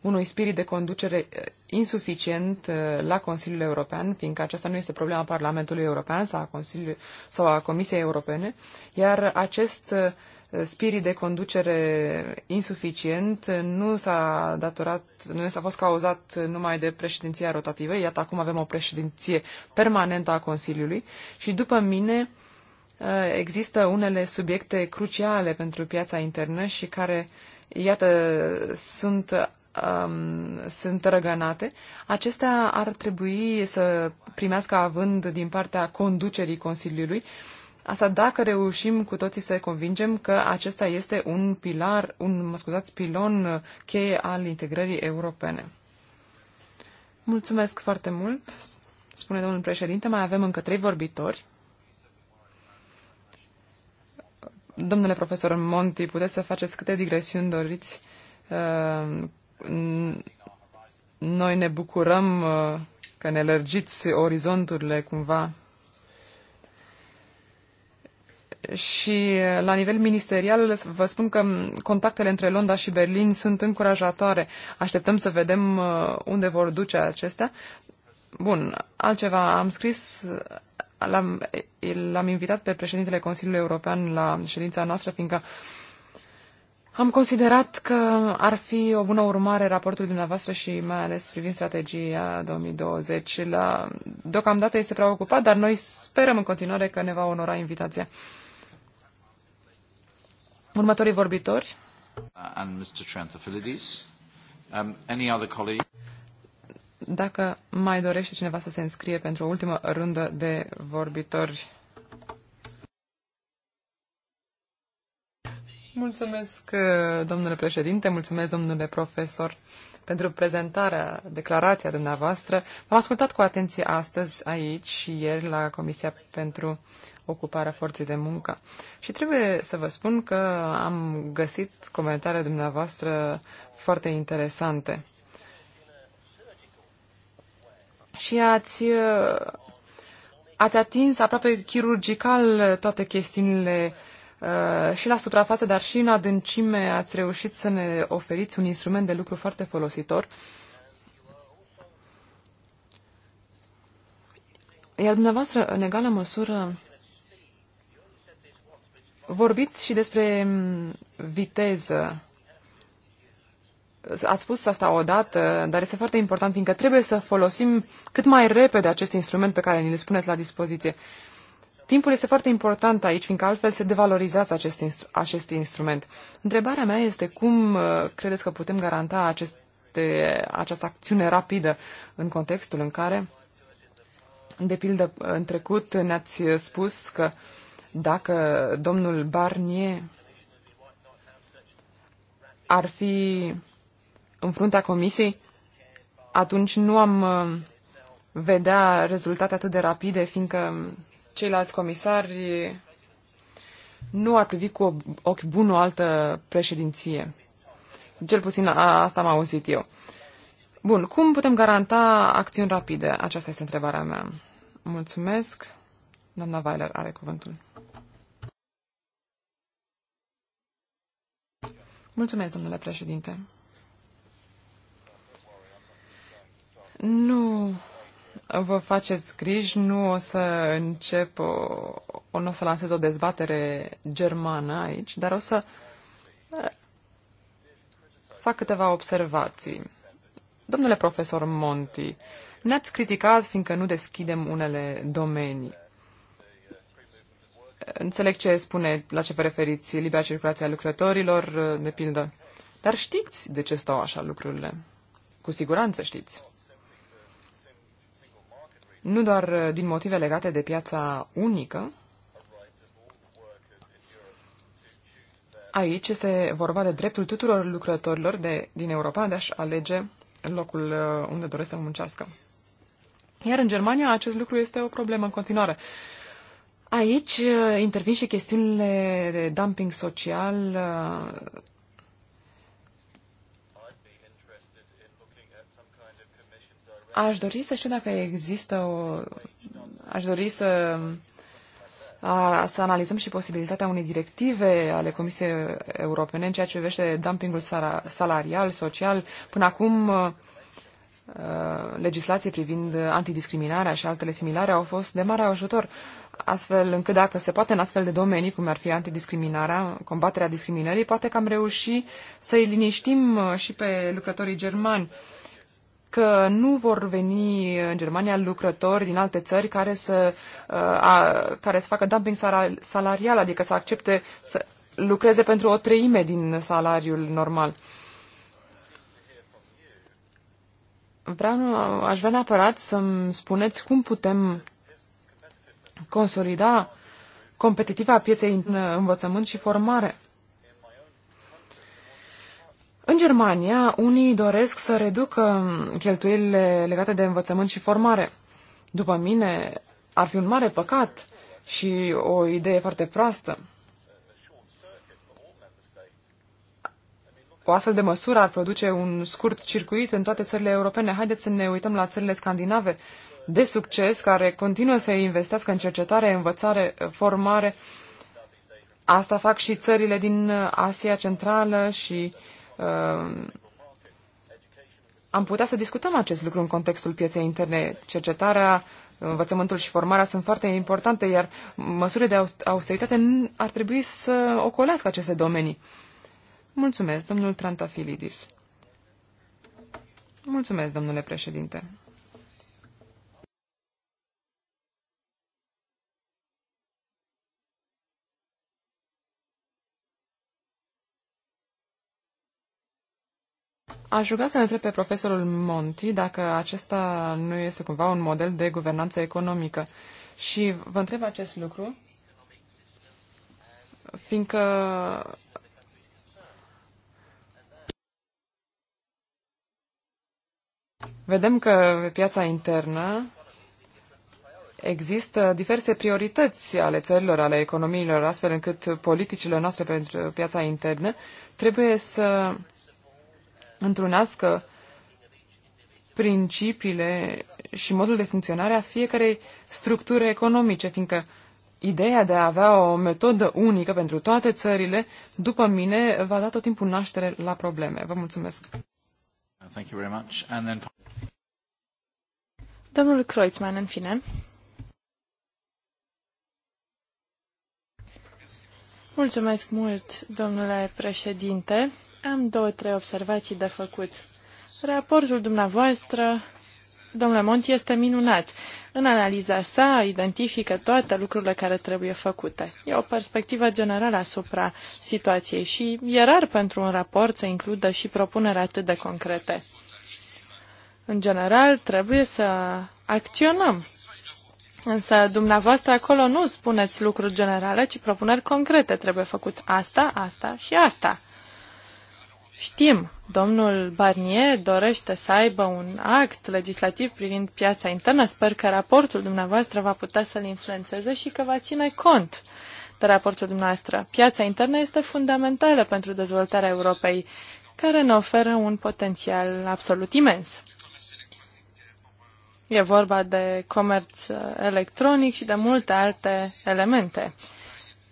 unui spirit de conducere eh, insuficient eh, la Consiliul European, fiindcă aceasta nu este problema Parlamentului European sau a, Consiliului, sau a Comisiei Europene, iar acest eh, spirit de conducere insuficient nu s-a datorat, nu s-a fost cauzat numai de președinția rotativă, iată acum avem o președinție permanentă a Consiliului și după mine există unele subiecte cruciale pentru piața internă și care, iată, sunt um, sunt răgănate, acestea ar trebui să primească având din partea conducerii Consiliului. Asta dacă reușim cu toții să convingem că acesta este un pilar, un, mă scuzați, pilon cheie al integrării europene. Mulțumesc foarte mult, spune domnul președinte. Mai avem încă trei vorbitori. Domnule profesor Monti, puteți să faceți câte digresiuni doriți uh, noi ne bucurăm uh, că ne lărgiți orizonturile cumva. Și uh, la nivel ministerial vă spun că mm, contactele între Londra și Berlin sunt încurajatoare. Așteptăm să vedem uh, unde vor duce acestea. Bun, altceva. Am scris, l-am, l-am invitat pe președintele Consiliului European la ședința noastră, fiindcă uh, am considerat că ar fi o bună urmare raportul dumneavoastră și mai ales privind strategia 2020. La... Deocamdată este prea ocupat, dar noi sperăm în continuare că ne va onora invitația. Următorii vorbitori. Uh, and Mr. Um, any other colleague? Dacă mai dorește cineva să se înscrie pentru o ultimă rundă de vorbitori, Mulțumesc, uh, domnule președinte, mulțumesc, domnule profesor, pentru prezentarea, declarația dumneavoastră. V-am ascultat cu atenție astăzi aici și ieri la Comisia pentru Ocuparea Forței de Muncă. Și trebuie să vă spun că am găsit comentariile dumneavoastră foarte interesante. Și ați uh, ați atins aproape chirurgical toate chestiunile Uh, și la suprafață, dar și în adâncime ați reușit să ne oferiți un instrument de lucru foarte folositor. Iar dumneavoastră, în egală măsură, vorbiți și despre mm, viteză. Ați spus asta odată, dar este foarte important, fiindcă trebuie să folosim cât mai repede acest instrument pe care ni-l spuneți la dispoziție. Uh, Timpul este foarte important aici, fiindcă altfel se devalorizează acest, instru- acest instrument. Întrebarea mea este cum uh, credeți că putem garanta aceste, această acțiune rapidă în contextul în care, de pildă, în trecut ne-ați spus că dacă domnul Barnier ar fi în fruntea comisiei, atunci nu am uh, vedea rezultate atât de rapide, fiindcă ceilalți comisari nu ar privi cu ochi bun o altă președinție. Cel puțin a, asta am auzit eu. Bun, cum putem garanta acțiuni rapide? Aceasta este întrebarea mea. Mulțumesc. Doamna Weiler are cuvântul. Mulțumesc, domnule președinte. Nu vă faceți griji, nu o să încep, o, o, nu o să lansez o dezbatere germană aici, dar o să eh, fac câteva observații. Domnule profesor Monti, ne-ați criticat fiindcă nu deschidem unele domenii. Înțeleg ce spune, la ce vă referiți, libera circulație a lucrătorilor, eh, de pildă. Dar știți de ce stau așa lucrurile? Cu siguranță știți nu doar uh, din motive legate de piața unică. Aici este vorba de dreptul tuturor lucrătorilor de, din Europa de a-și alege locul uh, unde doresc să muncească. Iar în Germania acest lucru este o problemă în continuare. Aici uh, intervin și chestiunile de dumping social, Aș dori să știu dacă există o... Aș dori să, a, să analizăm și posibilitatea unei directive ale Comisiei Europene în ceea ce privește dumpingul salarial, social. Până acum, legislații privind antidiscriminarea și altele similare au fost de mare ajutor, astfel încât dacă se poate în astfel de domenii, cum ar fi antidiscriminarea, combaterea discriminării, poate că am reușit să-i liniștim și pe lucrătorii germani că nu vor veni în Germania lucrători din alte țări care să, uh, a, care să facă dumping salarial, adică să accepte să lucreze pentru o treime din salariul normal. Vreau, aș vrea neapărat să-mi spuneți cum putem consolida competitiva pieței în învățământ și formare. În Germania, unii doresc să reducă cheltuielile legate de învățământ și formare. După mine, ar fi un mare păcat și o idee foarte proastă. O astfel de măsură ar produce un scurt circuit în toate țările europene. Haideți să ne uităm la țările scandinave de succes, care continuă să investească în cercetare, învățare, formare. Asta fac și țările din Asia Centrală și uh, Uh, am putea să discutăm acest lucru în contextul pieței interne. Cercetarea, învățământul și formarea sunt foarte importante, iar măsurile de austeritate ar trebui să ocolească aceste domenii. Mulțumesc, domnul Trantafilidis. Mulțumesc, domnule președinte. Aș ruga să ne întreb pe profesorul Monti dacă acesta nu este cumva un model de guvernanță economică. Și vă întreb acest lucru, fiindcă vedem că pe piața internă există diverse priorități ale țărilor, ale economiilor, astfel încât politicile noastre pentru piața internă trebuie să întrunească principiile și modul de funcționare a fiecarei structuri economice, fiindcă ideea de a avea o metodă unică pentru toate țările, după mine, va da tot timpul naștere la probleme. Vă mulțumesc! Thank you very much. And then... Domnul Kreutzmann, în fine. Mulțumesc mult, domnule președinte. Am două, trei observații de făcut. Raportul dumneavoastră, domnule Monti, este minunat. În analiza sa identifică toate lucrurile care trebuie făcute. E o perspectivă generală asupra situației și e rar pentru un raport să includă și propuneri atât de concrete. În general, trebuie să acționăm. Însă dumneavoastră acolo nu spuneți lucruri generale, ci propuneri concrete. Trebuie făcut asta, asta și asta. Știm, domnul Barnier dorește să aibă un act legislativ privind piața internă. Sper că raportul dumneavoastră va putea să-l influențeze și că va ține cont de raportul dumneavoastră. Piața internă este fundamentală pentru dezvoltarea Europei, care ne oferă un potențial absolut imens. E vorba de comerț uh, electronic și de multe alte elemente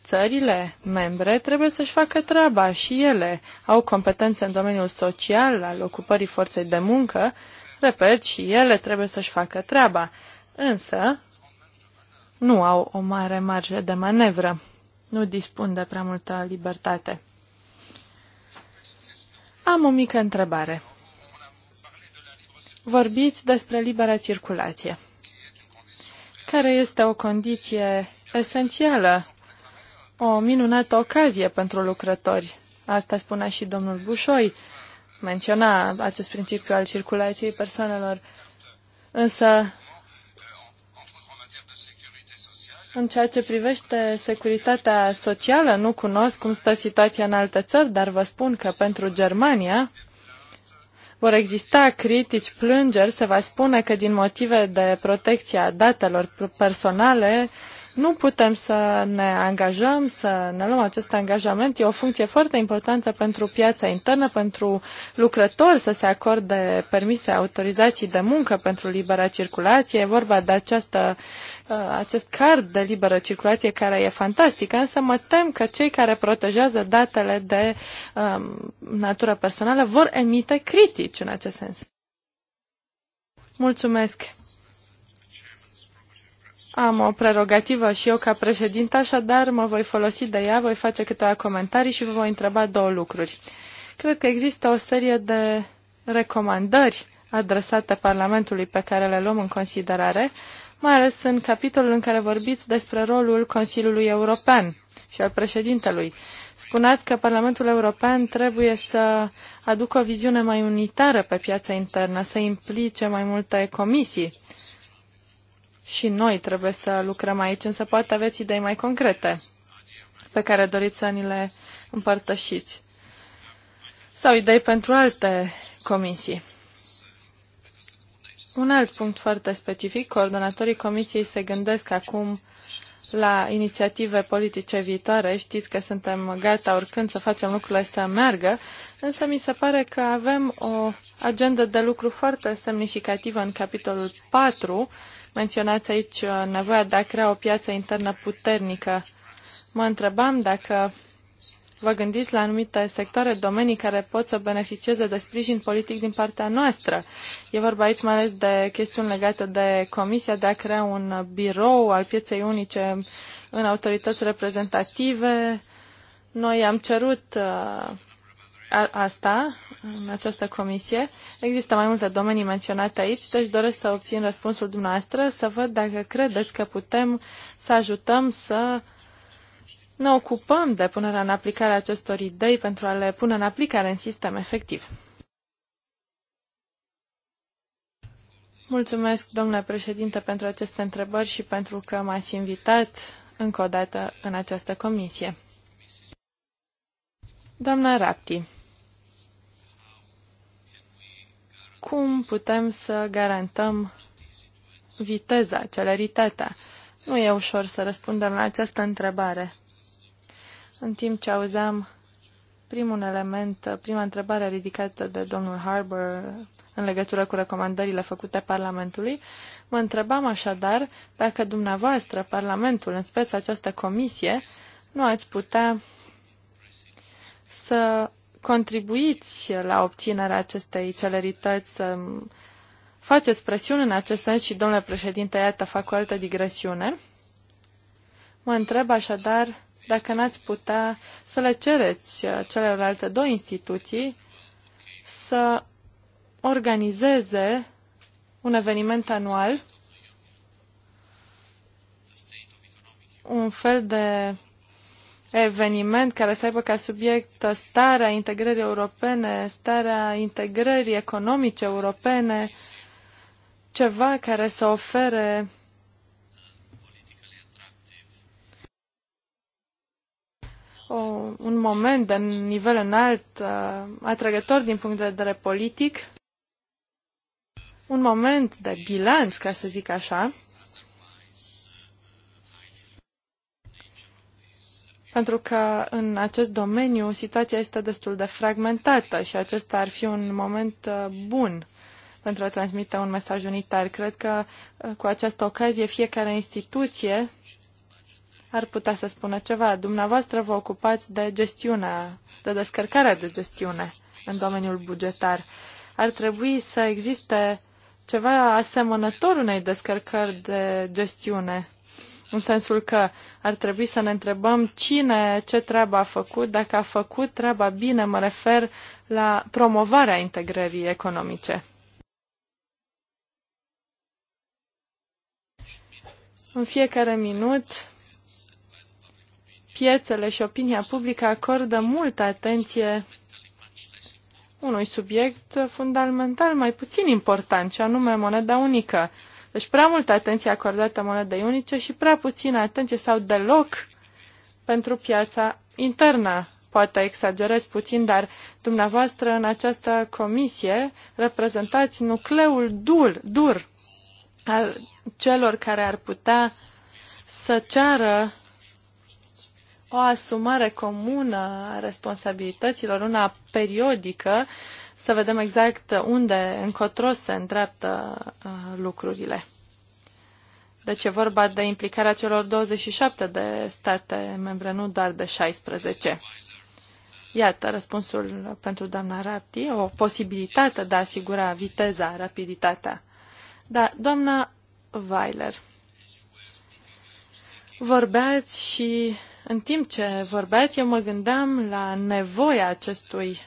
țările membre trebuie să-și facă treaba și ele. Au competențe în domeniul social, al ocupării forței de muncă. Repet, și ele trebuie să-și facă treaba. Însă, nu au o mare marjă de manevră. Nu dispun de prea multă libertate. Am o mică întrebare. Vorbiți despre libera circulație, care este o condiție esențială o minunată ocazie pentru lucrători. Asta spunea și domnul Bușoi, menționa acest principiu al circulației persoanelor. Însă, în ceea ce privește securitatea socială, nu cunosc cum stă situația în alte țări, dar vă spun că pentru Germania vor exista critici, plângeri, se va spune că din motive de protecția datelor personale, nu putem să ne angajăm, să ne luăm acest angajament. E o funcție foarte importantă pentru piața internă, pentru lucrători să se acorde permise, autorizații de muncă pentru libera circulație. E vorba de această, uh, acest card de liberă circulație care e fantastic, însă mă tem că cei care protejează datele de um, natură personală vor emite critici în acest sens. Mulțumesc! Am o prerogativă și eu ca președinte, așadar mă voi folosi de ea, voi face câteva comentarii și vă voi întreba două lucruri. Cred că există o serie de recomandări adresate Parlamentului pe care le luăm în considerare, mai ales în capitolul în care vorbiți despre rolul Consiliului European și al președintelui. Spuneați că Parlamentul European trebuie să aducă o viziune mai unitară pe piața internă, să implice mai multe comisii și noi trebuie să lucrăm aici, însă poate aveți idei mai concrete pe care doriți să ni le împărtășiți sau idei pentru alte comisii. Un alt punct foarte specific, coordonatorii comisiei se gândesc acum la inițiative politice viitoare. Știți că suntem gata oricând să facem lucrurile să meargă, însă mi se pare că avem o agendă de lucru foarte semnificativă în capitolul 4. Menționați aici nevoia de a crea o piață internă puternică. Mă întrebam dacă vă gândiți la anumite sectoare, domenii care pot să beneficieze de sprijin politic din partea noastră. E vorba aici mai ales de chestiuni legate de Comisia de a crea un birou al pieței unice în autorități reprezentative. Noi am cerut uh, asta, în această comisie. Există mai multe domenii menționate aici, deci doresc să obțin răspunsul dumneavoastră, să văd dacă credeți că putem să ajutăm să ne ocupăm de punerea în aplicare a acestor idei pentru a le pune în aplicare în sistem efectiv. Mulțumesc, domnule președinte, pentru aceste întrebări și pentru că m-ați invitat încă o dată în această comisie. Doamna Rapti, cum putem să garantăm viteza, celeritatea? Nu e ușor să răspundem la această întrebare. În timp ce auzeam primul element, prima întrebare ridicată de domnul Harbour în legătură cu recomandările făcute Parlamentului, mă întrebam așadar dacă dumneavoastră, Parlamentul, în speță această comisie, nu ați putea să contribuiți la obținerea acestei celerități, să faceți presiune în acest sens și, domnule președinte, iată, fac o altă digresiune. Mă întreb așadar dacă n-ați putea să le cereți uh, celelalte două instituții să organizeze un eveniment anual, un fel de eveniment care să aibă ca subiect starea integrării europene, starea integrării economice europene, ceva care să ofere o, un moment de nivel înalt, uh, atrăgător din punct de vedere politic, un moment de bilanț, ca să zic așa, pentru că în acest domeniu situația este destul de fragmentată și acesta ar fi un moment uh, bun pentru a transmite un mesaj unitar. Cred că uh, cu această ocazie fiecare instituție ar putea să spună ceva. Dumneavoastră vă ocupați de gestiunea, de descărcarea de gestiune în domeniul bugetar. Ar trebui să existe ceva asemănător unei descărcări de gestiune, în sensul că ar trebui să ne întrebăm cine, ce treabă a făcut, dacă a făcut treaba bine, mă refer la promovarea integrării economice. În fiecare minut piețele și opinia publică acordă multă atenție unui subiect fundamental mai puțin important, și anume moneda unică. Deci prea multă atenție acordată monedei unice și prea puțină atenție sau deloc pentru piața internă. Poate exagerez puțin, dar dumneavoastră în această comisie reprezentați nucleul dur, dur al celor care ar putea să ceară o asumare comună a responsabilităților, una periodică, să vedem exact unde, încotro se îndreaptă uh, lucrurile. Deci e vorba de implicarea celor 27 de state membre, nu doar de 16. Iată răspunsul pentru doamna Rapti, o posibilitate de a asigura viteza, rapiditatea. Da, doamna Weiler, vorbeați și în timp ce vorbeați, eu mă gândeam la nevoia acestui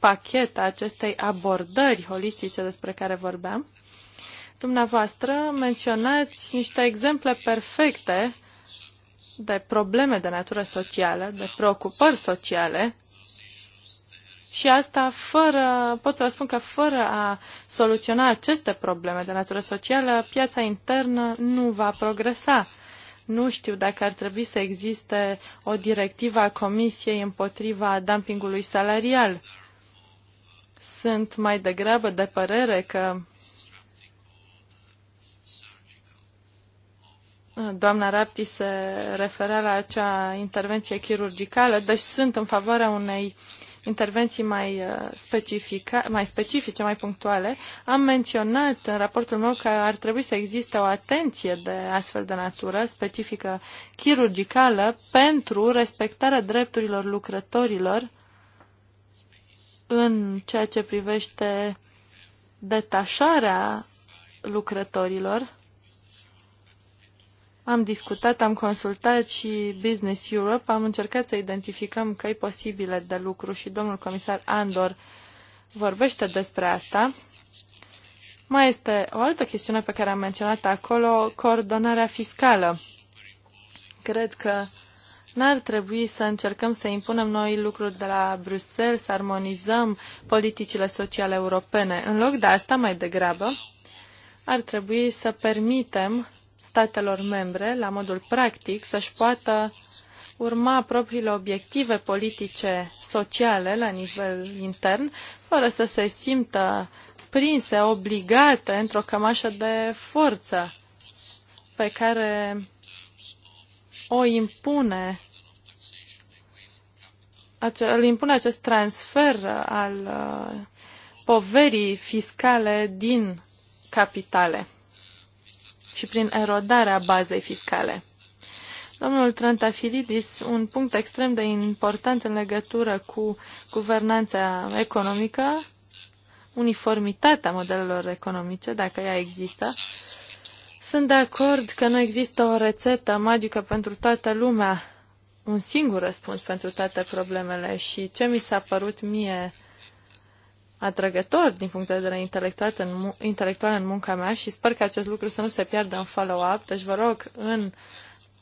pachet, a acestei abordări holistice despre care vorbeam. Dumneavoastră menționați niște exemple perfecte de probleme de natură socială, de preocupări sociale și asta fără, pot să vă spun că fără a soluționa aceste probleme de natură socială, piața internă nu va progresa. Nu știu dacă ar trebui să existe o directivă a Comisiei împotriva dumpingului salarial. Sunt mai degrabă de părere că doamna Rapti se referea la acea intervenție chirurgicală, deci sunt în favoarea unei uh, intervenții mai, uh, specifice, mai specifice, mai punctuale, am menționat în raportul meu că ar trebui să existe o atenție de astfel de natură specifică chirurgicală pentru respectarea drepturilor lucrătorilor în ceea ce privește detașarea lucrătorilor am discutat, am consultat și Business Europe, am încercat să identificăm căi posibile de lucru și domnul comisar Andor vorbește despre asta. Mai este o altă chestiune pe care am menționat acolo, coordonarea fiscală. Cred că n-ar trebui să încercăm să impunem noi lucruri de la Bruxelles, să armonizăm politicile sociale europene. În loc de asta, mai degrabă, ar trebui să permitem statelor membre, la modul practic, să-și poată urma propriile obiective politice sociale la nivel intern, fără să se simtă prinse, obligate într-o cămașă de forță pe care o impune îl impune acest transfer al uh, poverii fiscale din capitale și prin erodarea bazei fiscale. Domnul Trantafilidis, un punct extrem de important în legătură cu guvernanța economică, uniformitatea modelelor economice, dacă ea există. Sunt de acord că nu există o rețetă magică pentru toată lumea, un singur răspuns pentru toate problemele și ce mi s-a părut mie uh, atrăgător din punct de vedere intelectual în, intelectual în munca mea și sper că acest lucru să nu se piardă în follow-up. Deci vă rog, în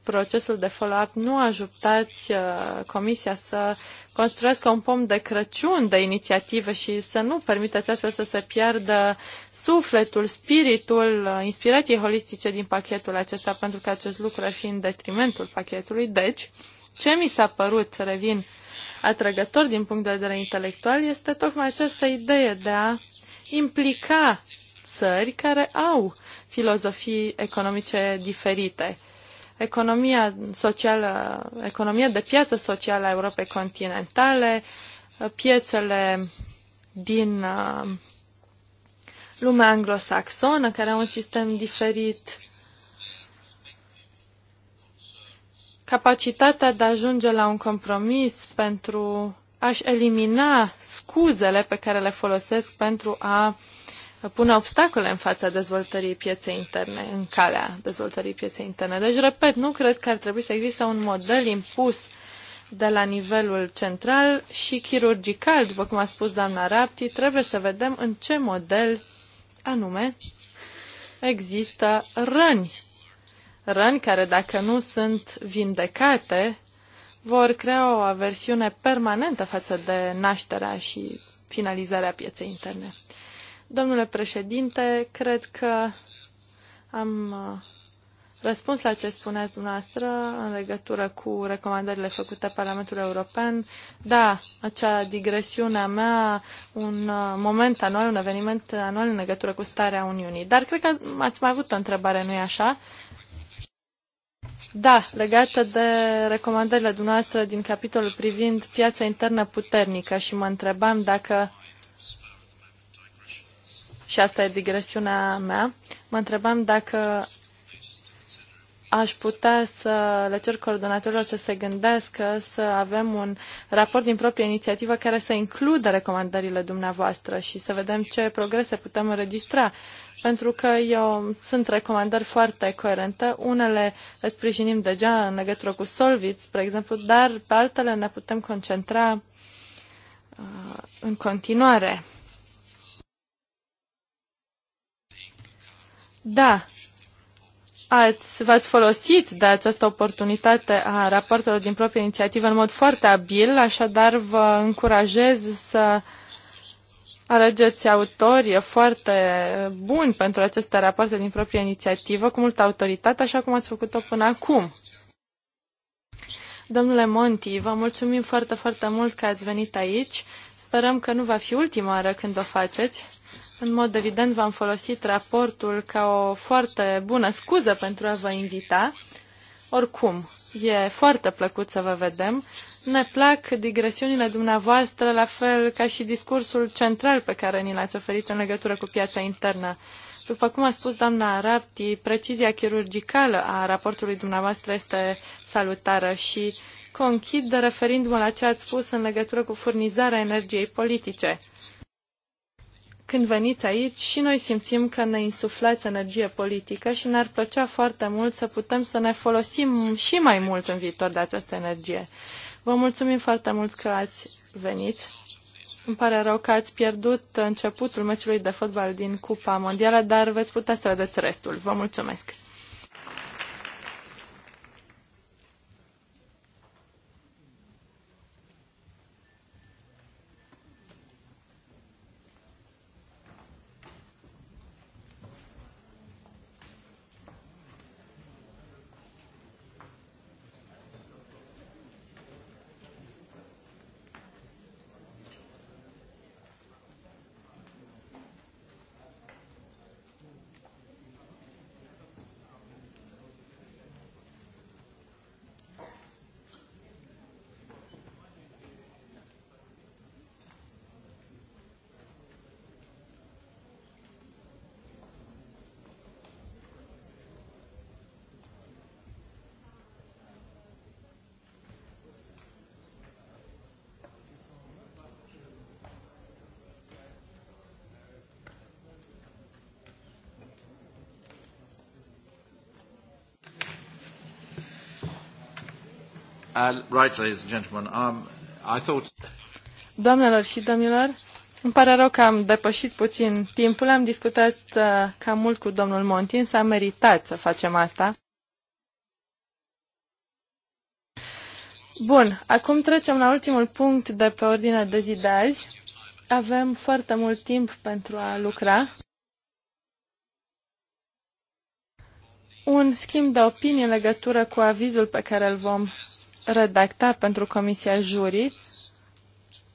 procesul de follow-up, nu ajutați uh, Comisia să construiască un pom de Crăciun de inițiative și să nu permiteți astfel să se piardă sufletul, spiritul, uh, inspirației holistice din pachetul acesta, pentru că acest lucru ar fi în detrimentul pachetului. Deci, uh, ce mi s-a părut, revin, atrăgător din punct de vedere intelectual este tocmai această idee de a implica țări care au filozofii economice diferite. Economia socială, economia de piață socială a Europei continentale, piețele din uh, lumea anglosaxonă, care au un sistem diferit, capacitatea de a ajunge la un compromis pentru a-și elimina scuzele pe care le folosesc pentru a pune obstacole în fața dezvoltării pieței interne, în calea dezvoltării pieței interne. Deci, repet, nu cred că ar trebui să existe un model impus de la nivelul central și chirurgical, după cum a spus doamna Rapti, trebuie să vedem în ce model anume există răni răni care, dacă nu sunt vindecate, vor crea o aversiune permanentă față de nașterea și finalizarea pieței interne. Domnule președinte, cred că am uh, răspuns la ce spuneați dumneavoastră în legătură cu recomandările făcute Parlamentului European. Da, acea digresiune a mea, un uh, moment anual, un eveniment anual în legătură cu starea Uniunii. Dar cred că ați mai avut o întrebare, nu-i așa? Da, legată de recomandările dumneavoastră din capitolul privind piața internă puternică și mă întrebam dacă, și asta e digresiunea mea, mă întrebam dacă aș putea să le cer coordonatorilor să se gândească să avem un raport din proprie inițiativă care să includă recomandările dumneavoastră și să vedem ce progrese putem înregistra. Pentru că eu sunt recomandări foarte coerente, unele le sprijinim deja în legătură cu Solvit, spre exemplu, dar pe altele ne putem concentra uh, în continuare. Da, ați, v-ați folosit de această oportunitate a rapoartelor din proprie inițiativă în mod foarte abil, așadar vă încurajez să alegeți autori foarte buni pentru aceste rapoarte din proprie inițiativă, cu multă autoritate, așa cum ați făcut-o până acum. Domnule Monti, vă mulțumim foarte, foarte mult că ați venit aici. Sperăm că nu va fi ultima oară când o faceți. În mod evident, v-am folosit raportul ca o foarte bună scuză pentru a vă invita. Oricum, e foarte plăcut să vă vedem. Ne plac digresiunile dumneavoastră, la fel ca și discursul central pe care ni l-ați oferit în legătură cu piața internă. După cum a spus doamna Rapti, precizia chirurgicală a raportului dumneavoastră este salutară și conchid referindu-mă la ce ați spus în legătură cu furnizarea energiei politice când veniți aici și noi simțim că ne insuflați energie politică și ne-ar plăcea foarte mult să putem să ne folosim și mai mult în viitor de această energie. Vă mulțumim foarte mult că ați venit. Îmi pare rău că ați pierdut începutul meciului de fotbal din Cupa Mondială, dar veți putea să vedeți restul. Vă mulțumesc! Um, Doamnelor și domnilor, îmi pare rău că am depășit puțin timpul. Am discutat uh, cam mult cu domnul Monti, însă a meritat să facem asta. Bun, acum trecem la ultimul punct de pe ordinea de zi de azi. Avem foarte mult timp pentru a lucra. Un schimb de opinie în legătură cu avizul pe care îl vom redacta pentru Comisia Jurii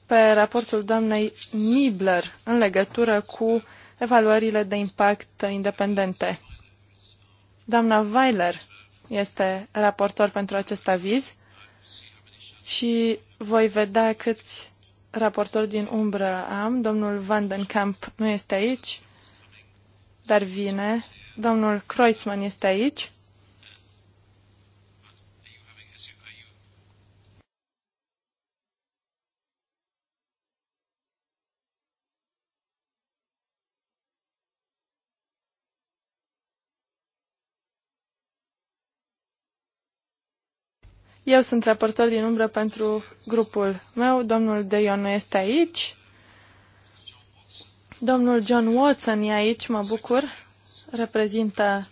pe raportul doamnei Nibler în legătură cu evaluările de impact independente. Doamna Weiler este raportor pentru acest aviz și voi vedea câți raportori din umbră am. Domnul Van den nu este aici, dar vine. Domnul Kreutzmann este aici. Eu sunt raportor din umbră pentru grupul meu. Domnul De Ion nu este aici. Domnul John Watson e aici, mă bucur. Reprezintă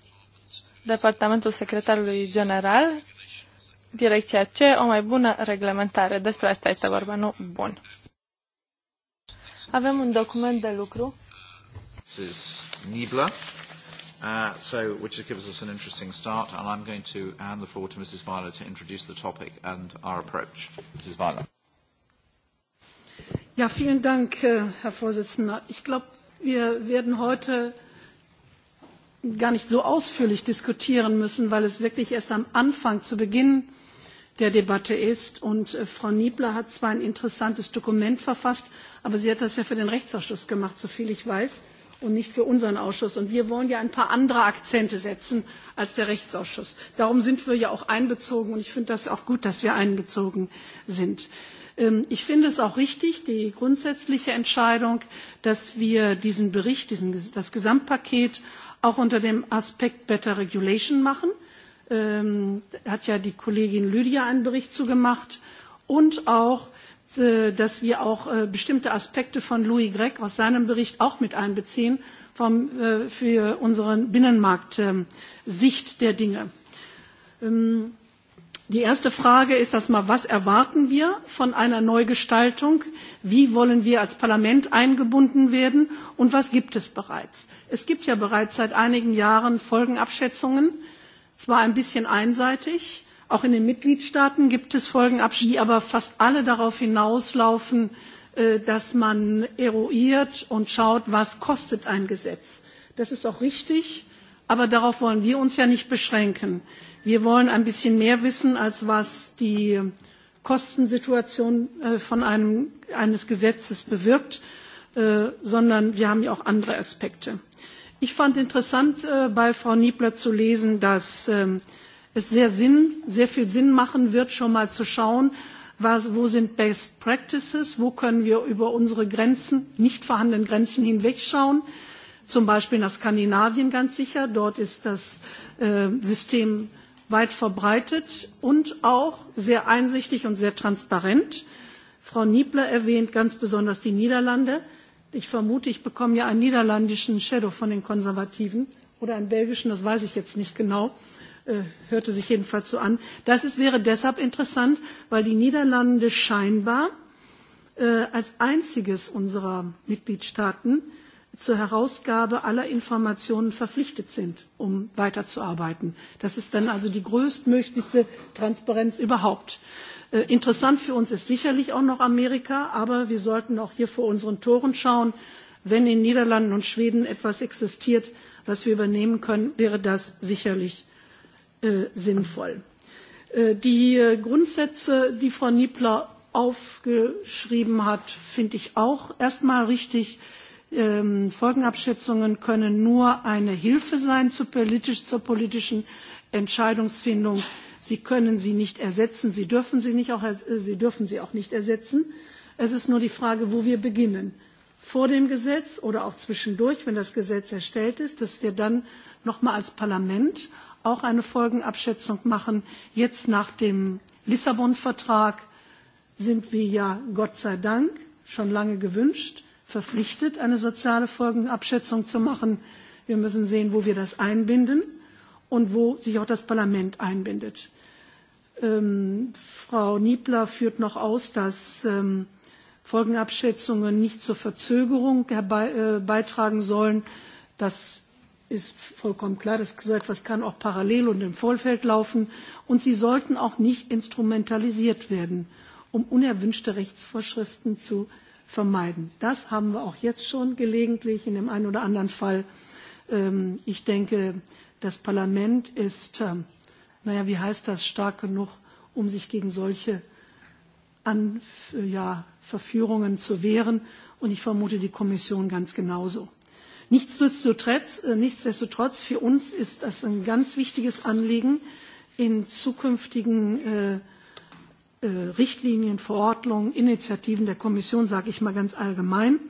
Departamentul Secretarului General, Direcția C, o mai bună reglementare. Despre asta este vorba, nu? Bun. Avem un document de lucru. Nibla. Uh, so, which gives us an interesting start, and I'm going to hand the floor to Mrs. Viola to introduce the topic and our approach. Mrs. Viola. Ja, vielen Dank, äh, Herr Vorsitzender. Ich glaube, wir werden heute gar nicht so ausführlich diskutieren müssen, weil es wirklich erst am Anfang, zu Beginn der Debatte ist. Und äh, Frau Niebler hat zwar ein interessantes Dokument verfasst, aber sie hat das ja für den Rechtsausschuss gemacht, soviel ich weiß und nicht für unseren Ausschuss. Und wir wollen ja ein paar andere Akzente setzen als der Rechtsausschuss. Darum sind wir ja auch einbezogen und ich finde das auch gut, dass wir einbezogen sind. Ähm, ich finde es auch richtig, die grundsätzliche Entscheidung, dass wir diesen Bericht, diesen, das Gesamtpaket auch unter dem Aspekt Better Regulation machen. Ähm, hat ja die Kollegin Lydia einen Bericht zugemacht und auch Äh, dass wir auch äh, bestimmte Aspekte von Louis Gregg aus seinem Bericht auch mit einbeziehen vom, äh, für unsere Binnenmarktsicht ähm, der Dinge. Ähm, die erste Frage ist erstmal, was erwarten wir von einer Neugestaltung? Wie wollen wir als Parlament eingebunden werden? Und was gibt es bereits? Es gibt ja bereits seit einigen Jahren Folgenabschätzungen, zwar ein bisschen einseitig, Auch in den Mitgliedstaaten gibt es Folgenabschätzungen, die aber fast alle darauf hinauslaufen, äh, dass man eruiert und schaut, was kostet ein Gesetz. Das ist auch richtig, aber darauf wollen wir uns ja nicht beschränken. Wir wollen ein bisschen mehr wissen, als was die Kostensituation äh, von einem, eines Gesetzes bewirkt, äh, sondern wir haben ja auch andere Aspekte. Ich fand interessant, bei Frau Niebler zu lesen, dass ähm, es sehr, Sinn, sehr viel Sinn machen wird, schon mal zu schauen, was, wo sind Best Practices, wo können wir über unsere Grenzen, nicht vorhandenen Grenzen hinwegschauen. Zum Beispiel nach Skandinavien ganz sicher, dort ist das äh, System weit verbreitet und auch sehr einsichtig und sehr transparent. Frau Niebler erwähnt ganz besonders die Niederlande. Ich vermute, ich bekomme ja einen niederländischen Shadow von den Konservativen oder einen belgischen, das weiß ich jetzt nicht genau. Äh, hörte sich jedenfalls so an. Das ist, wäre deshalb interessant, weil die Niederlande scheinbar äh, als einziges unserer Mitgliedstaaten zur Herausgabe aller Informationen verpflichtet sind, um weiterzuarbeiten. Das ist dann also die größtmögliche Transparenz überhaupt. Äh, interessant für uns ist sicherlich auch noch Amerika, aber wir sollten auch hier vor unseren Toren schauen. Wenn in Niederlanden und Schweden etwas existiert, was wir übernehmen können, wäre das sicherlich Äh, sinnvoll. Äh, die äh, Grundsätze, die Frau Niebler aufgeschrieben hat, finde ich auch erstmal richtig. Ähm, Folgenabschätzungen können nur eine Hilfe sein zu politisch, zur politischen Entscheidungsfindung. Sie können sie nicht ersetzen, sie dürfen sie, nicht auch, sie dürfen sie auch nicht ersetzen. Es ist nur die Frage, wo wir beginnen. Vor dem Gesetz oder auch zwischendurch, wenn das Gesetz erstellt ist, dass wir dann nochmal als Parlament auch eine Folgenabschätzung machen. Jetzt nach dem Lissabon-Vertrag sind wir ja Gott sei Dank schon lange gewünscht, verpflichtet, eine soziale Folgenabschätzung zu machen. Wir müssen sehen, wo wir das einbinden und wo sich auch das Parlament einbindet. Ähm, Frau Niebler führt noch aus, dass ähm, Folgenabschätzungen nicht zur Verzögerung herbei, äh, beitragen sollen. Das ist vollkommen klar, dass so etwas kann auch parallel und im Vorfeld laufen. Und sie sollten auch nicht instrumentalisiert werden, um unerwünschte Rechtsvorschriften zu vermeiden. Das haben wir auch jetzt schon gelegentlich in dem einen oder anderen Fall. Ähm, ich denke, das Parlament ist, ähm, naja, wie heißt das, stark genug, um sich gegen solche An, ja, Verführungen zu wehren. Und ich vermute die Kommission ganz genauso. Nichtsdestotrotz, äh, nichtsdestotrotz für uns ist das ein ganz wichtiges Anliegen, in zukünftigen äh, äh, Richtlinien, Verordnungen, Initiativen der Kommission, sage ich mal ganz allgemein,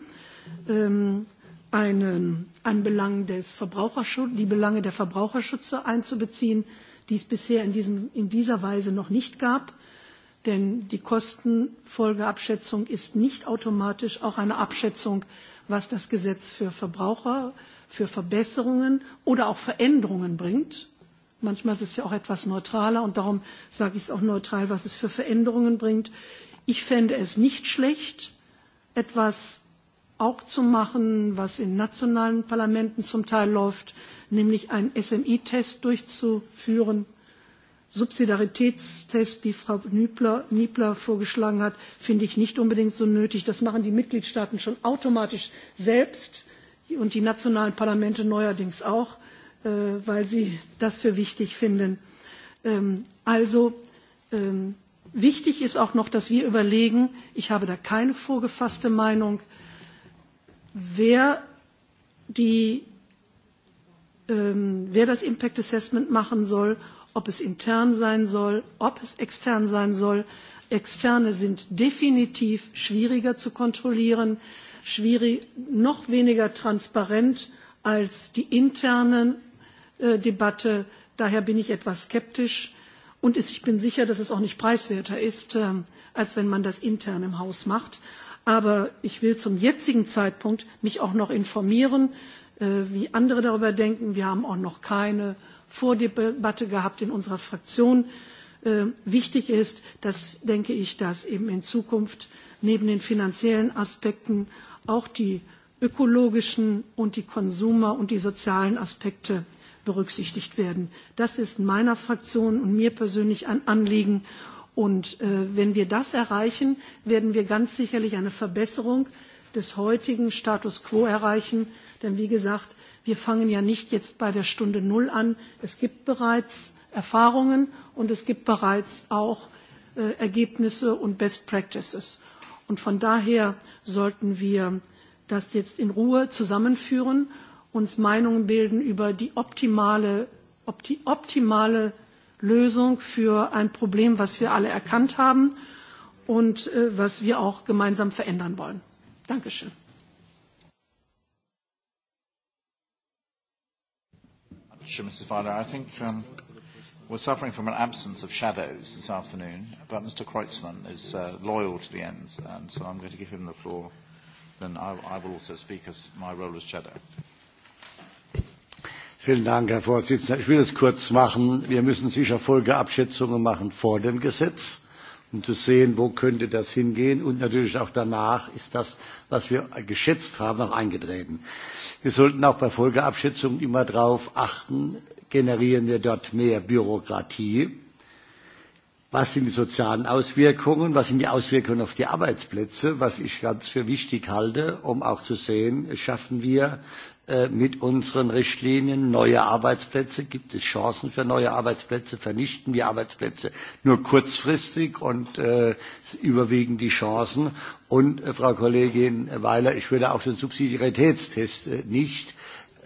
ähm, einen, einen Belang des Verbraucherschutzes, die Belange der Verbraucherschützer einzubeziehen, die es bisher in, diesem, in dieser Weise noch nicht gab. Denn die Kostenfolgeabschätzung ist nicht automatisch auch eine Abschätzung was das Gesetz für Verbraucher, für Verbesserungen oder auch Veränderungen bringt. Manchmal ist es ja auch etwas neutraler und darum sage ich es auch neutral, was es für Veränderungen bringt. Ich fände es nicht schlecht, etwas auch zu machen, was in nationalen Parlamenten zum Teil läuft, nämlich einen SMI-Test durchzuführen Subsidiaritätstest, wie Frau Niebler, Niebler vorgeschlagen hat, finde ich nicht unbedingt so nötig. Das machen die Mitgliedstaaten schon automatisch selbst und die nationalen Parlamente neuerdings auch, äh, weil sie das für wichtig finden. Ähm, also ähm, wichtig ist auch noch, dass wir überlegen, ich habe da keine vorgefasste Meinung, wer, die, ähm, wer das Impact Assessment machen soll ob es intern sein soll, ob es extern sein soll. Externe sind definitiv schwieriger zu kontrollieren, schwierig, noch weniger transparent als die interne äh, Debatte. Daher bin ich etwas skeptisch. Und ist, ich bin sicher, dass es auch nicht preiswerter ist, äh, als wenn man das intern im Haus macht. Aber ich will zum jetzigen Zeitpunkt mich auch noch informieren, äh, wie andere darüber denken. Wir haben auch noch keine äh, Vordebatte gehabt in unserer Fraktion. Äh, wichtig ist, dass, denke ich, dass eben in Zukunft neben den finanziellen Aspekten auch die ökologischen und die Konsumer- und die sozialen Aspekte berücksichtigt werden. Das ist meiner Fraktion und mir persönlich ein Anliegen. Und äh, wenn wir das erreichen, werden wir ganz sicherlich eine Verbesserung des heutigen Status quo erreichen. Denn wie gesagt, Wir fangen ja nicht jetzt bei der Stunde Null an. Es gibt bereits Erfahrungen und es gibt bereits auch äh, Ergebnisse und Best Practices. Und von daher sollten wir das jetzt in Ruhe zusammenführen, uns Meinungen bilden über die optimale, op die optimale Lösung für ein Problem, was wir alle erkannt haben und äh, was wir auch gemeinsam verändern wollen. Dankeschön. much, Mrs. Weiler. I think um, we're suffering from an absence of shadows this afternoon, but Mr. Kreutzmann is uh, loyal to the ends, and so I'm going to give him the floor. Then I, I will also speak as my role as shadow. Vielen Dank, Herr Vorsitzender. Ich will es kurz machen. Wir müssen sicher Folgeabschätzungen machen vor dem Gesetz und um zu sehen, wo könnte das hingehen. Und natürlich auch danach ist das, was wir geschätzt haben, noch eingetreten. Wir sollten auch bei Folgeabschätzungen immer darauf achten, generieren wir dort mehr Bürokratie. Was sind die sozialen Auswirkungen? Was sind die Auswirkungen auf die Arbeitsplätze? Was ich ganz für wichtig halte, um auch zu sehen, schaffen wir Äh, mit unseren Richtlinien neue Arbeitsplätze? Gibt es Chancen für neue Arbeitsplätze? Vernichten wir Arbeitsplätze nur kurzfristig und äh, überwiegen die Chancen? Und, äh, Frau Kollegin Weiler, ich würde auch den Subsidiaritätstest äh, nicht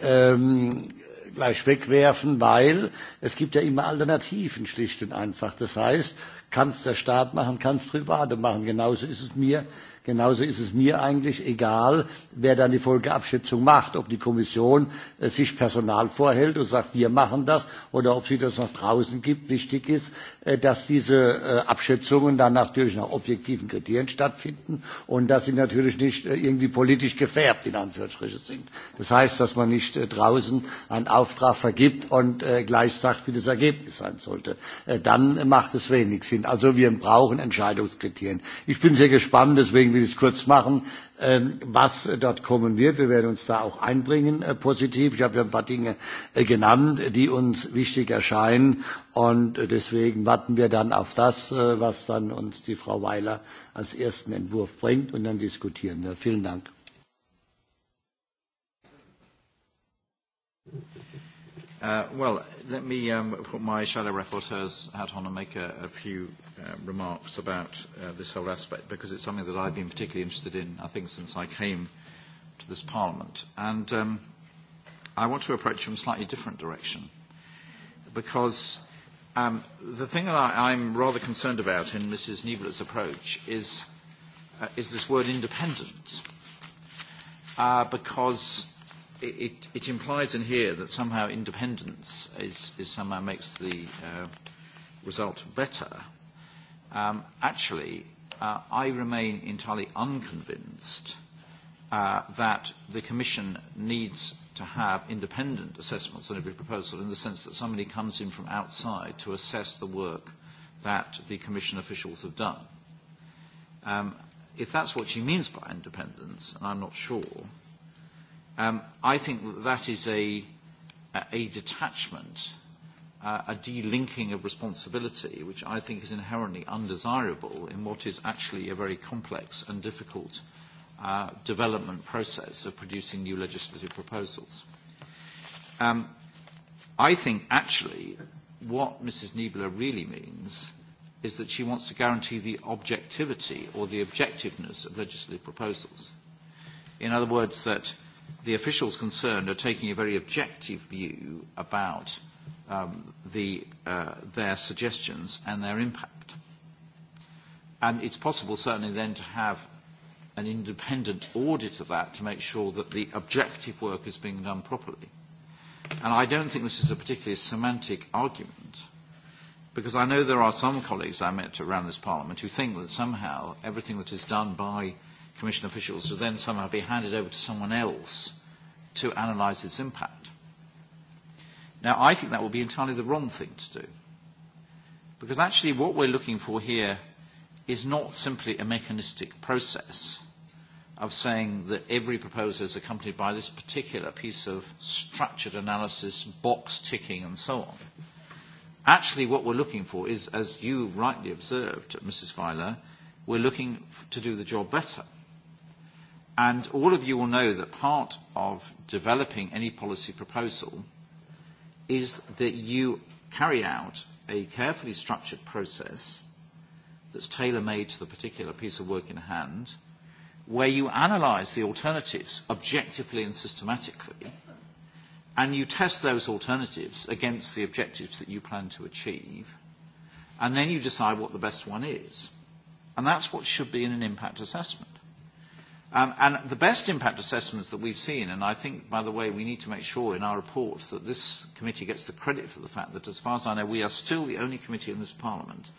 ähm, gleich wegwerfen, weil es gibt ja immer Alternativen, schlicht und einfach. Das heißt, kann es der Staat machen, kann es Private machen. Genauso ist es mir Genauso ist es mir eigentlich egal, wer dann die Folgeabschätzung macht, ob die Kommission äh, sich Personal vorhält und sagt, wir machen das oder ob sie das nach draußen gibt. Wichtig ist, äh, dass diese äh, Abschätzungen dann natürlich nach objektiven Kriterien stattfinden und dass sie natürlich nicht äh, irgendwie politisch gefärbt in Anführungsstrichen sind. Das heißt, dass man nicht draußen einen Auftrag vergibt und gleich sagt, wie das Ergebnis sein sollte. Dann macht es wenig Sinn. Also wir brauchen Entscheidungskriterien. Ich bin sehr gespannt, deswegen will ich es kurz machen, Ähm, was dort kommen wird. Wir werden uns da auch einbringen äh, positiv. Ich habe ja ein paar Dinge äh, genannt, die uns wichtig erscheinen. Und äh, deswegen warten wir dann auf das, was dann uns die Frau Weiler als ersten Entwurf bringt. Und dann diskutieren wir. Vielen Dank. Uh, well, let me um, put my shadow rapporteur's hat on and make a, a few uh, remarks about uh, this whole aspect because it's something that I've been particularly interested in, I think, since I came to this Parliament. And um, I want to approach from a slightly different direction because um, the thing that I, I'm rather concerned about in Mrs. Niebler's approach is, uh, is this word independent. Uh, because it, it implies in here that somehow independence is, is somehow makes the uh, result better. Um, actually, uh, I remain entirely unconvinced uh, that the Commission needs to have independent assessments on every proposal in the sense that somebody comes in from outside to assess the work that the Commission officials have done. Um, if that's what she means by independence, and I'm not sure, Um, I think that that is a, a detachment, uh, a delinking of responsibility, which I think is inherently undesirable in what is actually a very complex and difficult uh, development process of producing new legislative proposals. Um, I think actually what Mrs. Niebler really means is that she wants to guarantee the objectivity or the objectiveness of legislative proposals. In other words, that the officials concerned are taking a very objective view about um, the, uh, their suggestions and their impact. And it's possible certainly then to have an independent audit of that to make sure that the objective work is being done properly. And I don't think this is a particularly semantic argument, because I know there are some colleagues I met around this Parliament who think that somehow everything that is done by Commission officials to then somehow be handed over to someone else to analyse its impact. Now, I think that will be entirely the wrong thing to do. Because actually what we're looking for here is not simply a mechanistic process of saying that every proposal is accompanied by this particular piece of structured analysis, box ticking and so on. Actually what we're looking for is, as you rightly observed, Mrs. Weiler, we're looking to do the job better. And all of you will know that part of developing any policy proposal is that you carry out a carefully structured process that's tailor-made to the particular piece of work in hand, where you analyse the alternatives objectively and systematically, and you test those alternatives against the objectives that you plan to achieve, and then you decide what the best one is. And that's what should be in an impact assessment. Um, and the best impact assessments that we've seen, and I think, by the way, we need to make sure in our report that this committee gets the credit for the fact that, as far as I know, we are still the only committee in this Parliament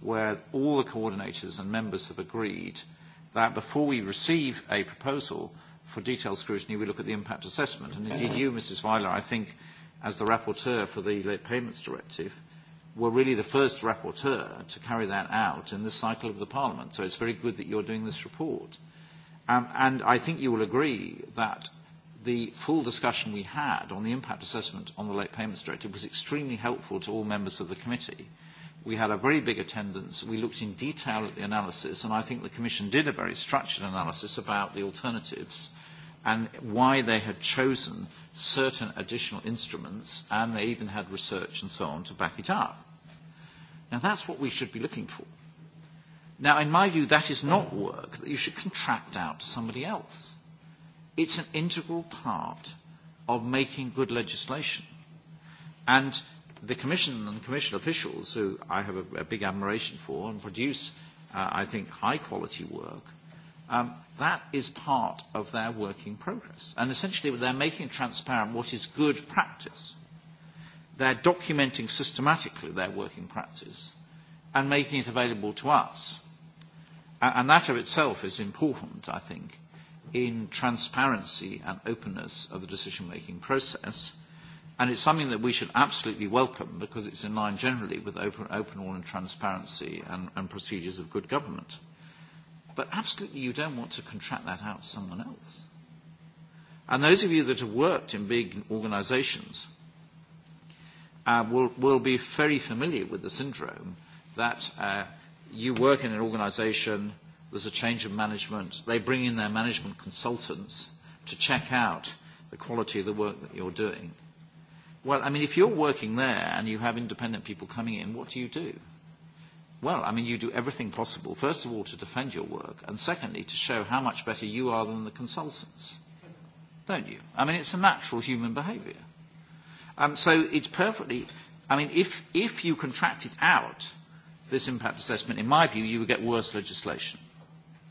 where all the coordinators and members have agreed that before we receive a proposal for detailed scrutiny, we look at the impact assessment. And indeed, you, Mrs. Weiler, I think, as the rapporteur for the Late Payments Directive, were really the first rapporteur to carry that out in this cycle of the Parliament. So it's very good that you're doing this report. Um, and I think you will agree that the full discussion we had on the impact assessment on the late payments directive was extremely helpful to all members of the committee. We had a very big attendance. We looked in detail at the analysis, and I think the Commission did a very structured analysis about the alternatives and why they had chosen certain additional instruments, and they even had research and so on to back it up. Now, that's what we should be looking for. Now, in my view, that is not work that you should contract out to somebody else. It's an integral part of making good legislation. And the Commission and Commission officials, who I have a, a big admiration for and produce, uh, I think, high-quality work, um, that is part of their working progress. And essentially, they're making transparent what is good practice. They're documenting systematically their working practice and making it available to us And that of itself is important, I think, in transparency and openness of the decision-making process. And it's something that we should absolutely welcome because it's in line generally with open, open all and transparency and, and procedures of good government. But absolutely you don't want to contract that out to someone else. And those of you that have worked in big organizations uh, will, will be very familiar with the syndrome that uh, you work in an organization, there's a change of management, they bring in their management consultants to check out the quality of the work that you're doing. Well, I mean, if you're working there and you have independent people coming in, what do you do? Well, I mean, you do everything possible, first of all, to defend your work, and secondly, to show how much better you are than the consultants, don't you? I mean, it's a natural human behaviour. Um, so it's perfectly, I mean, if, if you contract it out this impact assessment, in my view, you would get worse legislation.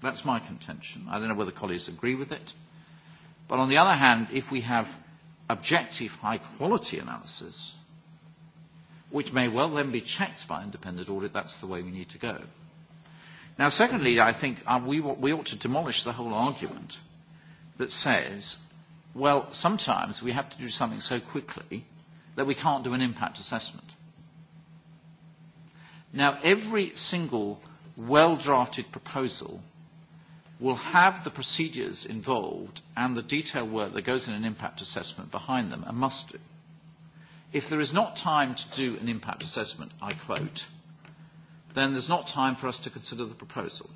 That's my contention. I don't know whether colleagues agree with it. But on the other hand, if we have objective, high-quality analysis, which may well then be checked by independent audit, that's the way we need to go. Now, secondly, I think uh, we, we ought to demolish the whole argument that says, well, sometimes we have to do something so quickly that we can't do an impact assessment. Now, every single well-drafted proposal will have the procedures involved and the detailed work that goes in an impact assessment behind them and must do. If there is not time to do an impact assessment, I quote, then there's not time for us to consider the proposal.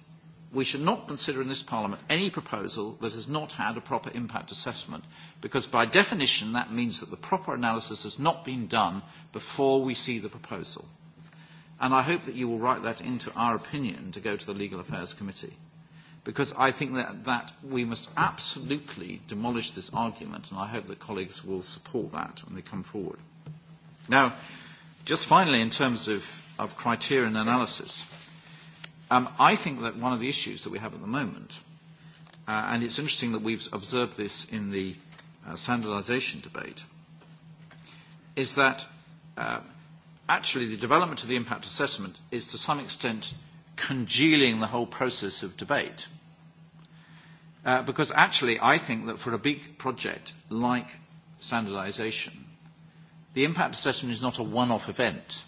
We should not consider in this Parliament any proposal that has not had a proper impact assessment, because by definition that means that the proper analysis has not been done before we see the proposal. And I hope that you will write that into our opinion to go to the Legal Affairs Committee. Because I think that, that we must absolutely demolish this argument, and I hope that colleagues will support that when they come forward. Now, just finally, in terms of, of criteria and analysis, um, I think that one of the issues that we have at the moment, uh, and it's interesting that we've observed this in the uh, standardization debate, is that uh, actually the development of the impact assessment is to some extent congealing the whole process of debate. Uh, because actually, I think that for a big project like standardization, the impact assessment is not a one-off event.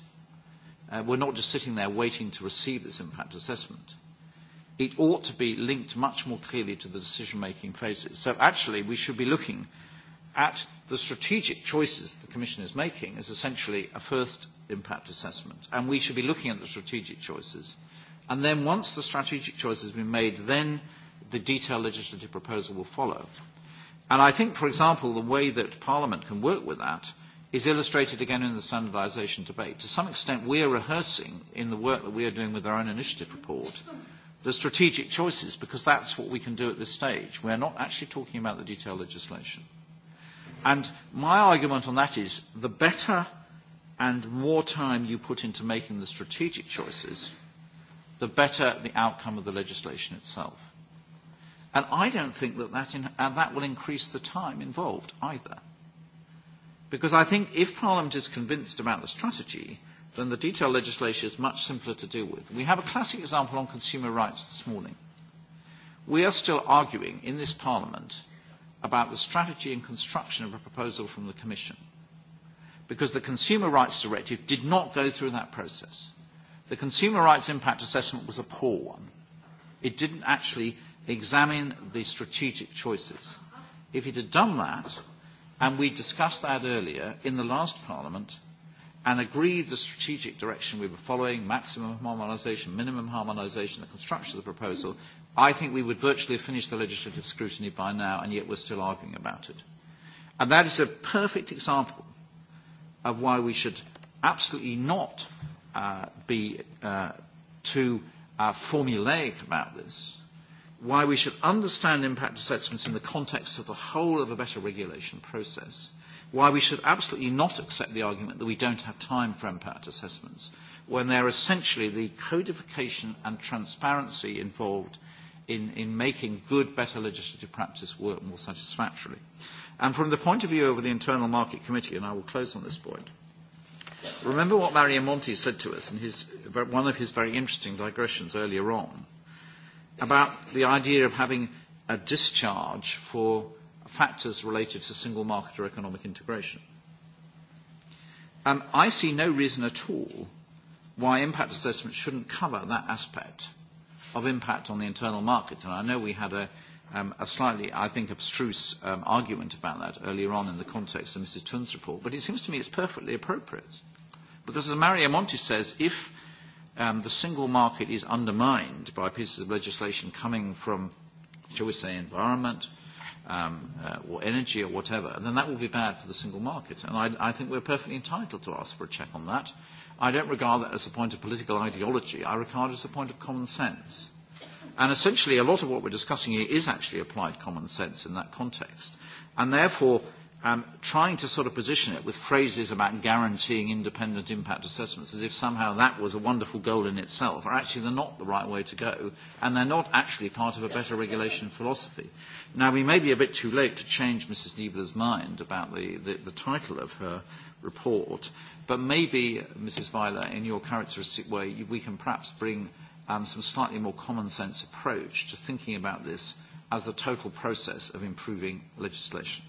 Uh, we're not just sitting there waiting to receive this impact assessment. It ought to be linked much more clearly to the decision-making phases. So actually, we should be looking at the strategic choices the Commission is making as essentially a first impact assessment. And we should be looking at the strategic choices. And then once the strategic choice has been made, then the detailed legislative proposal will follow. And I think, for example, the way that Parliament can work with that is illustrated again in the standardisation debate. To some extent, we are rehearsing in the work that we are doing with our own initiative report the strategic choices because that's what we can do at this stage. We are not actually talking about the detailed legislation. And my argument on that is the better – and more time you put into making the strategic choices, the better the outcome of the legislation itself. And I don't think that that, in, and that will increase the time involved either. Because I think if Parliament is convinced about the strategy, then the detailed legislation is much simpler to deal with. We have a classic example on consumer rights this morning. We are still arguing in this Parliament about the strategy and construction of a proposal from the Commission – because the Consumer Rights Directive did not go through that process. The Consumer Rights Impact Assessment was a poor one. It didn't actually examine the strategic choices. If it had done that, and we discussed that earlier in the last Parliament, and agreed the strategic direction we were following, maximum harmonisation, minimum harmonisation, the construction of the proposal, I think we would virtually have finished the legislative scrutiny by now, and yet we're still arguing about it. And that is a perfect example of why we should absolutely not uh, be uh, too uh, formulaic about this, why we should understand impact assessments in the context of the whole of a better regulation process, why we should absolutely not accept the argument that we don't have time for impact assessments, when they're essentially the codification and transparency involved in, in making good, better legislative practice work more satisfactorily. And from the point of view of the Internal Market Committee, and I will close on this point, remember what Mario Monti said to us in his, one of his very interesting digressions earlier on about the idea of having a discharge for factors related to single market or economic integration. Um, I see no reason at all why impact assessment shouldn't cover that aspect of impact on the internal market. And I know we had a um, a slightly, I think, abstruse um, argument about that earlier on in the context of Mrs. Tun's report, but it seems to me it's perfectly appropriate. Because as Mario Monti says, if um, the single market is undermined by pieces of legislation coming from, shall we say, environment um, uh, or energy or whatever, then that will be bad for the single market. And I, I think we're perfectly entitled to ask for a check on that. I don't regard that as a point of political ideology. I regard it as a point of common sense. And essentially, a lot of what we're discussing here is actually applied common sense in that context. And therefore, um, trying to sort of position it with phrases about guaranteeing independent impact assessments as if somehow that was a wonderful goal in itself are actually they're not the right way to go, and they're not actually part of a better regulation philosophy. Now, we may be a bit too late to change Mrs. Niebler's mind about the, the, the title of her report, but maybe, Mrs. Weiler, in your characteristic way, we can perhaps bring – um, some slightly more common sense approach to thinking about this as a total process of improving legislation.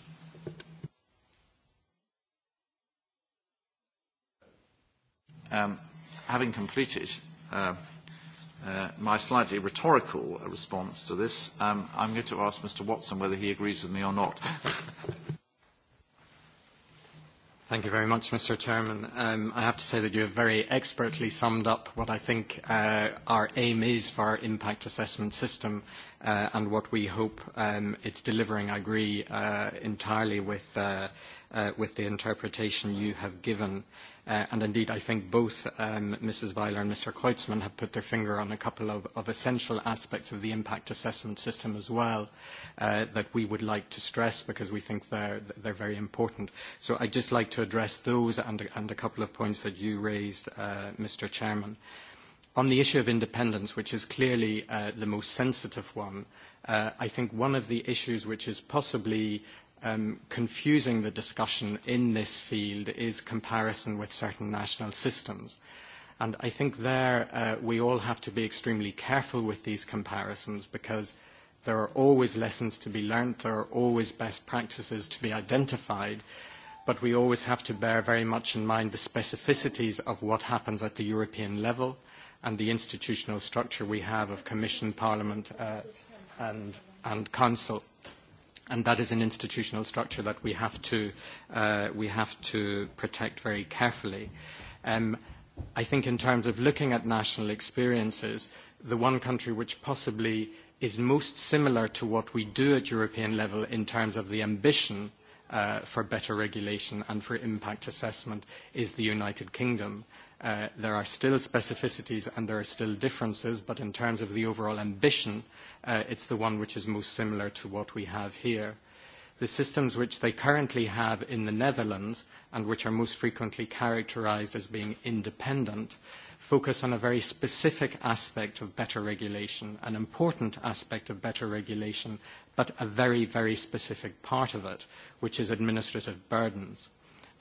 Um, having completed uh, uh, my slightly rhetorical response to this, um, I'm going to ask Mr. Watson whether he agrees with me or not. <laughs> Thank you very much, Mr. Chairman. Um, I have to say that you have very expertly summed up what I think uh, our aim is for our impact assessment system uh, and what we hope um, it's delivering. I agree uh, entirely with, uh, uh, with the interpretation you have given. Uh, Uh, and indeed, I think both um, Mrs. Weiler and Mr. Kreutzmann have put their finger on a couple of, of essential aspects of the impact assessment system as well uh, that we would like to stress because we think they're, they're very important. So I'd just like to address those and, and a couple of points that you raised, uh, Mr. Chairman. On the issue of independence, which is clearly uh, the most sensitive one, uh, I think one of the issues which is possibly um, confusing the discussion in this field is comparison with certain national systems. And I think there uh, we all have to be extremely careful with these comparisons because there are always lessons to be learnt, there are always best practices to be identified, but we always have to bear very much in mind the specificities of what happens at the European level and the institutional structure we have of Commission, Parliament uh, and, and Council and that is an institutional structure that we have to, uh, we have to protect very carefully. Um, I think in terms of looking at national experiences, the one country which possibly is most similar to what we do at European level in terms of the ambition uh, for better regulation and for impact assessment is the United Kingdom. Uh, there are still specificities and there are still differences, but in terms of the overall ambition, uh, it's the one which is most similar to what we have here. The systems which they currently have in the Netherlands and which are most frequently characterized as being independent focus on a very specific aspect of better regulation, an important aspect of better regulation, but a very, very specific part of it, which is administrative burdens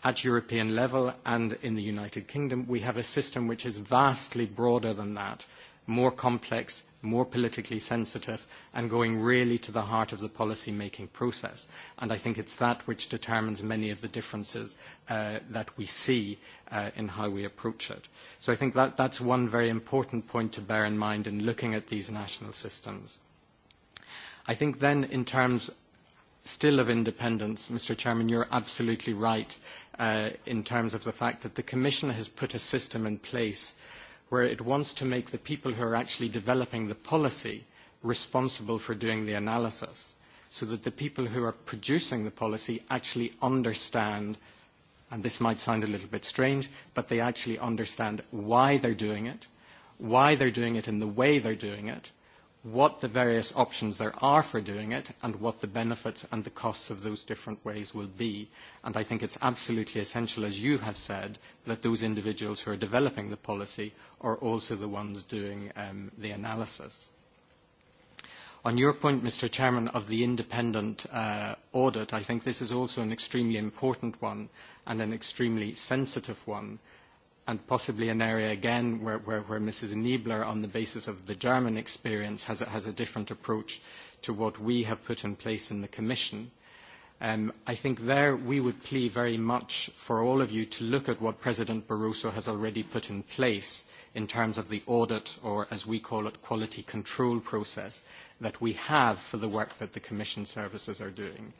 at European level and in the United Kingdom, we have a system which is vastly broader than that, more complex, more politically sensitive, and going really to the heart of the policy-making process. And I think it's that which determines many of the differences uh, that we see uh, in how we approach it. So I think that, that's one very important point to bear in mind in looking at these national systems. I think then in terms still of independence, Mr. Chairman, you're absolutely right uh, in terms of the fact that the Commission has put a system in place where it wants to make the people who are actually developing the policy responsible for doing the analysis so that the people who are producing the policy actually understand and this might sound a little bit strange, but they actually understand why they're doing it, why they're doing it in the way they're doing it, what the various options there are for doing it and what the benefits and the costs of those different ways will be. And I think it's absolutely essential, as you have said, that those individuals who are developing the policy are also the ones doing um, the analysis. On your point, Mr. Chairman, of the independent uh, audit, I think this is also an extremely important one and an extremely sensitive one and possibly an area again where, where, where Mrs. Niebler, on the basis of the German experience, has a, has a different approach to what we have put in place in the Commission. Um, I think there we would plea very much for all of you to look at what President Barroso has already put in place in terms of the audit, or as we call it, quality control process that we have for the work that the Commission services are doing.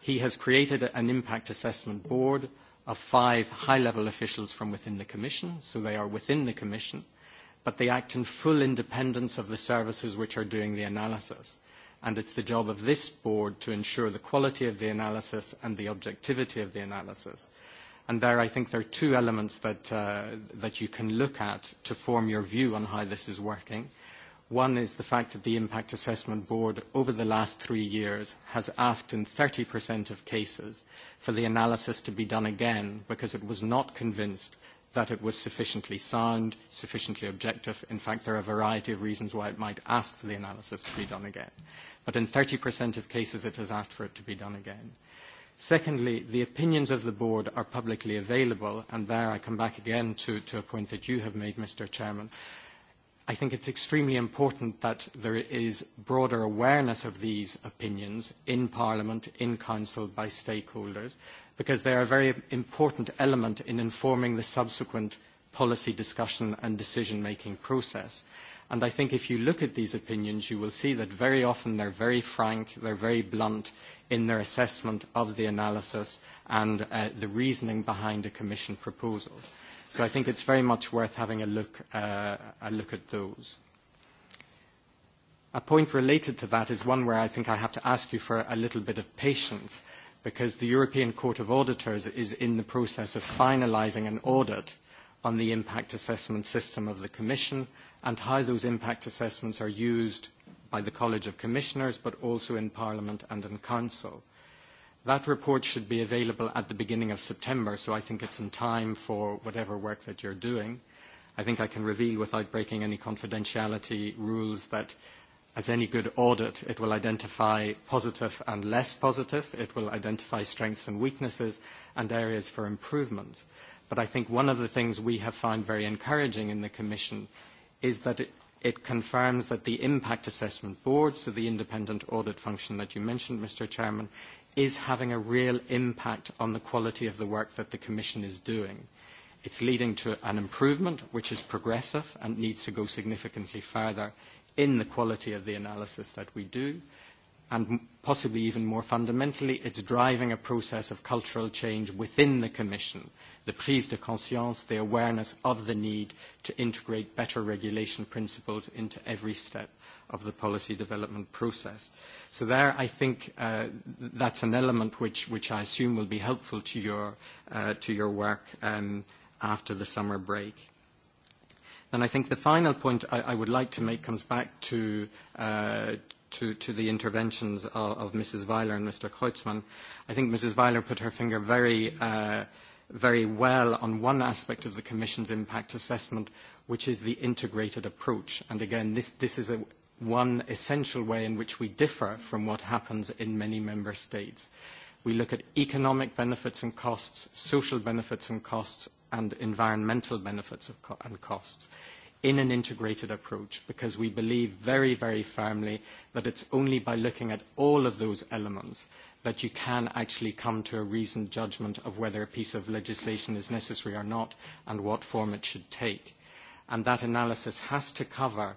He has created an impact assessment board of five high-level officials from within the Commission, so they are within the Commission, but they act in full independence of the services which are doing the analysis. And it's the job of this board to ensure the quality of the analysis and the objectivity of the analysis. And there, I think there are two elements that, uh, that you can look at to form your view on how this is working. One is the fact that the Impact Assessment Board over the last three years has asked in 30% of cases for the analysis to be done again because it was not convinced that it was sufficiently sound, sufficiently objective. In fact, there are a variety of reasons why it might ask for the analysis to be done again. But in 30% of cases, it has asked for it to be done again. Secondly, the opinions of the board are publicly available, and there I come back again to, to a point that you have made, Mr. Chairman. Uh, I think it's extremely important that there is broader awareness of these opinions in Parliament, in Council, by stakeholders, because they are a very important element in informing the subsequent policy discussion and decision-making process. And I think if you look at these opinions, you will see that very often they're very frank, they're very blunt in their assessment of the analysis and uh, the reasoning behind a Commission proposal. So I think it's very much worth having a look, uh, a look at those. A point related to that is one where I think I have to ask you for a little bit of patience, because the European Court of Auditors is in the process of finalising an audit on the impact assessment system of the Commission and how those impact assessments are used by the College of Commissioners, but also in Parliament and in Council. That report should be available at the beginning of September, so I think it's in time for whatever work that you're doing. I think I can reveal without breaking any confidentiality rules that as any good audit, it will identify positive and less positive. It will identify strengths and weaknesses and areas for improvement. But I think one of the things we have found very encouraging in the Commission is that it, it confirms that the impact assessment board, so the independent audit function that you mentioned, Mr. Chairman, is having a real impact on the quality of the work that the Commission is doing. It's leading to an improvement which is progressive and needs to go significantly further in the quality of the analysis that we do. And possibly even more fundamentally, it's driving a process of cultural change within the Commission, the prise de conscience, the awareness of the need to integrate better regulation principles into every step of the policy development process. So there, I think uh, that's an element which, which I assume will be helpful to your, uh, to your work um, after the summer break. And I think the final point I, I would like to make comes back to, uh, to, to the interventions of, of Mrs. Weiler and Mr. Kreutzmann. I think Mrs. Weiler put her finger very, uh, very well on one aspect of the Commission's impact assessment, which is the integrated approach. And again, this, this is a, one essential way in which we differ from what happens in many member states. We look at economic benefits and costs, social benefits and costs, and environmental benefits co and costs in an integrated approach because we believe very, very firmly that it's only by looking at all of those elements that you can actually come to a reasoned judgment of whether a piece of legislation is necessary or not and what form it should take. And that analysis has to cover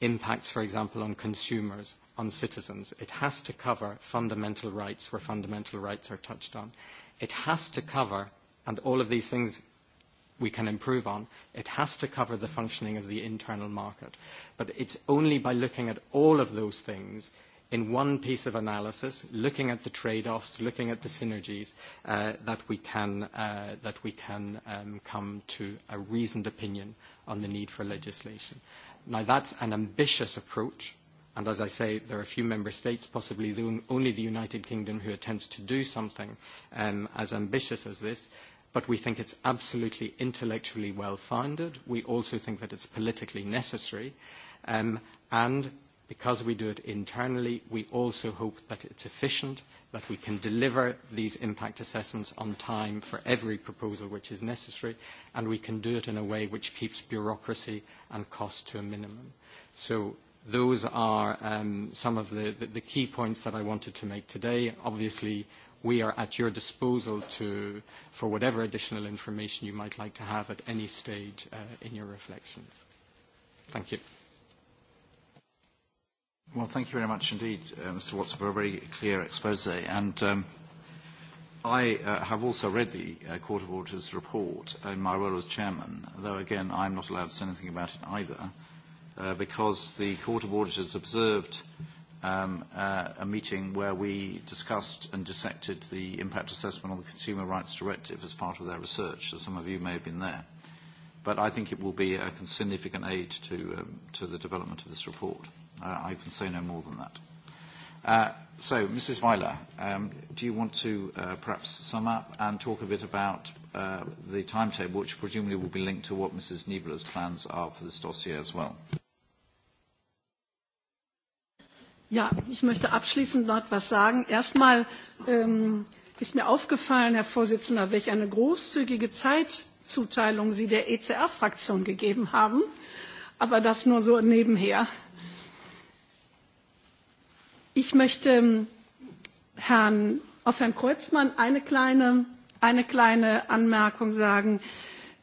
impacts, for example, on consumers, on citizens. It has to cover fundamental rights where fundamental rights are touched on. It has to cover, and all of these things we can improve on, it has to cover the functioning of the internal market. But it's only by looking at all of those things in one piece of analysis, looking at the trade-offs, looking at the synergies, uh, that we can, uh, that we can um, come to a reasoned opinion on the need for legislation. Now, that's an ambitious approach, and as I say, there are a few member states, possibly the, only the United Kingdom, who attempts to do something um, as ambitious as this, but we think it's absolutely intellectually well-founded. We also think that it's politically necessary, um, and because we do it internally, we also hope that it's efficient, that we can deliver these impact assessments on time for every proposal which is necessary, and we can do it in a way which keeps bureaucracy and cost to a minimum. So those are um, some of the, the, the key points that I wanted to make today. Obviously, we are at your disposal to, for whatever additional information you might like to have at any stage uh, in your reflections. Thank you. Well, thank you very much indeed, uh, Mr. Watson, for a very clear expose. And um, I uh, have also read the uh, Court of Auditors report in my role as chairman, though again I'm not allowed to say anything about it either, uh, because the Court of Auditors observed um, uh, a meeting where we discussed and dissected the impact assessment on the Consumer Rights Directive as part of their research, so some of you may have been there. But I think it will be a significant aid to, um, to the development of this report. Uh, I can say no more than that. Uh, so, Mrs. Weiler, um, do you want to uh, perhaps sum up and talk a bit about uh, the timetable, which presumably will be linked to what Mrs. Niebler's plans are for this dossier as well? Ja, ich möchte abschließend noch etwas sagen. Erstmal ähm, ist mir aufgefallen, Herr Vorsitzender, welche eine großzügige Zeitzuteilung Sie der ECR-Fraktion gegeben haben. Aber das nur so nebenher. Ich möchte ähm, Herrn, auf Herrn Kreuzmann eine kleine, eine kleine Anmerkung sagen.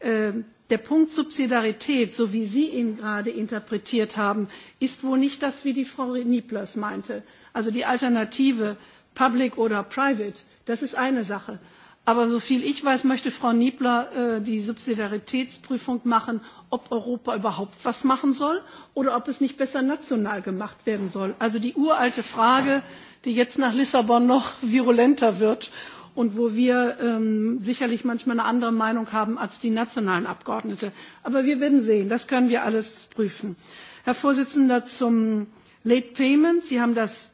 Ähm, der Punkt Subsidiarität, so wie Sie ihn gerade interpretiert haben, ist wohl nicht das, wie die Frau Nieblas meinte. Also die Alternative Public oder Private, das ist eine Sache. Aber soviel ich weiß, möchte Frau Niebler äh, die Subsidiaritätsprüfung machen, ob Europa überhaupt was machen soll oder ob es nicht besser national gemacht werden soll. Also die uralte Frage, die jetzt nach Lissabon noch <laughs> virulenter wird und wo wir ähm, sicherlich manchmal eine andere Meinung haben als die nationalen Abgeordnete. Aber wir werden sehen, das können wir alles prüfen. Herr Vorsitzender, zum Late Payment. Sie haben das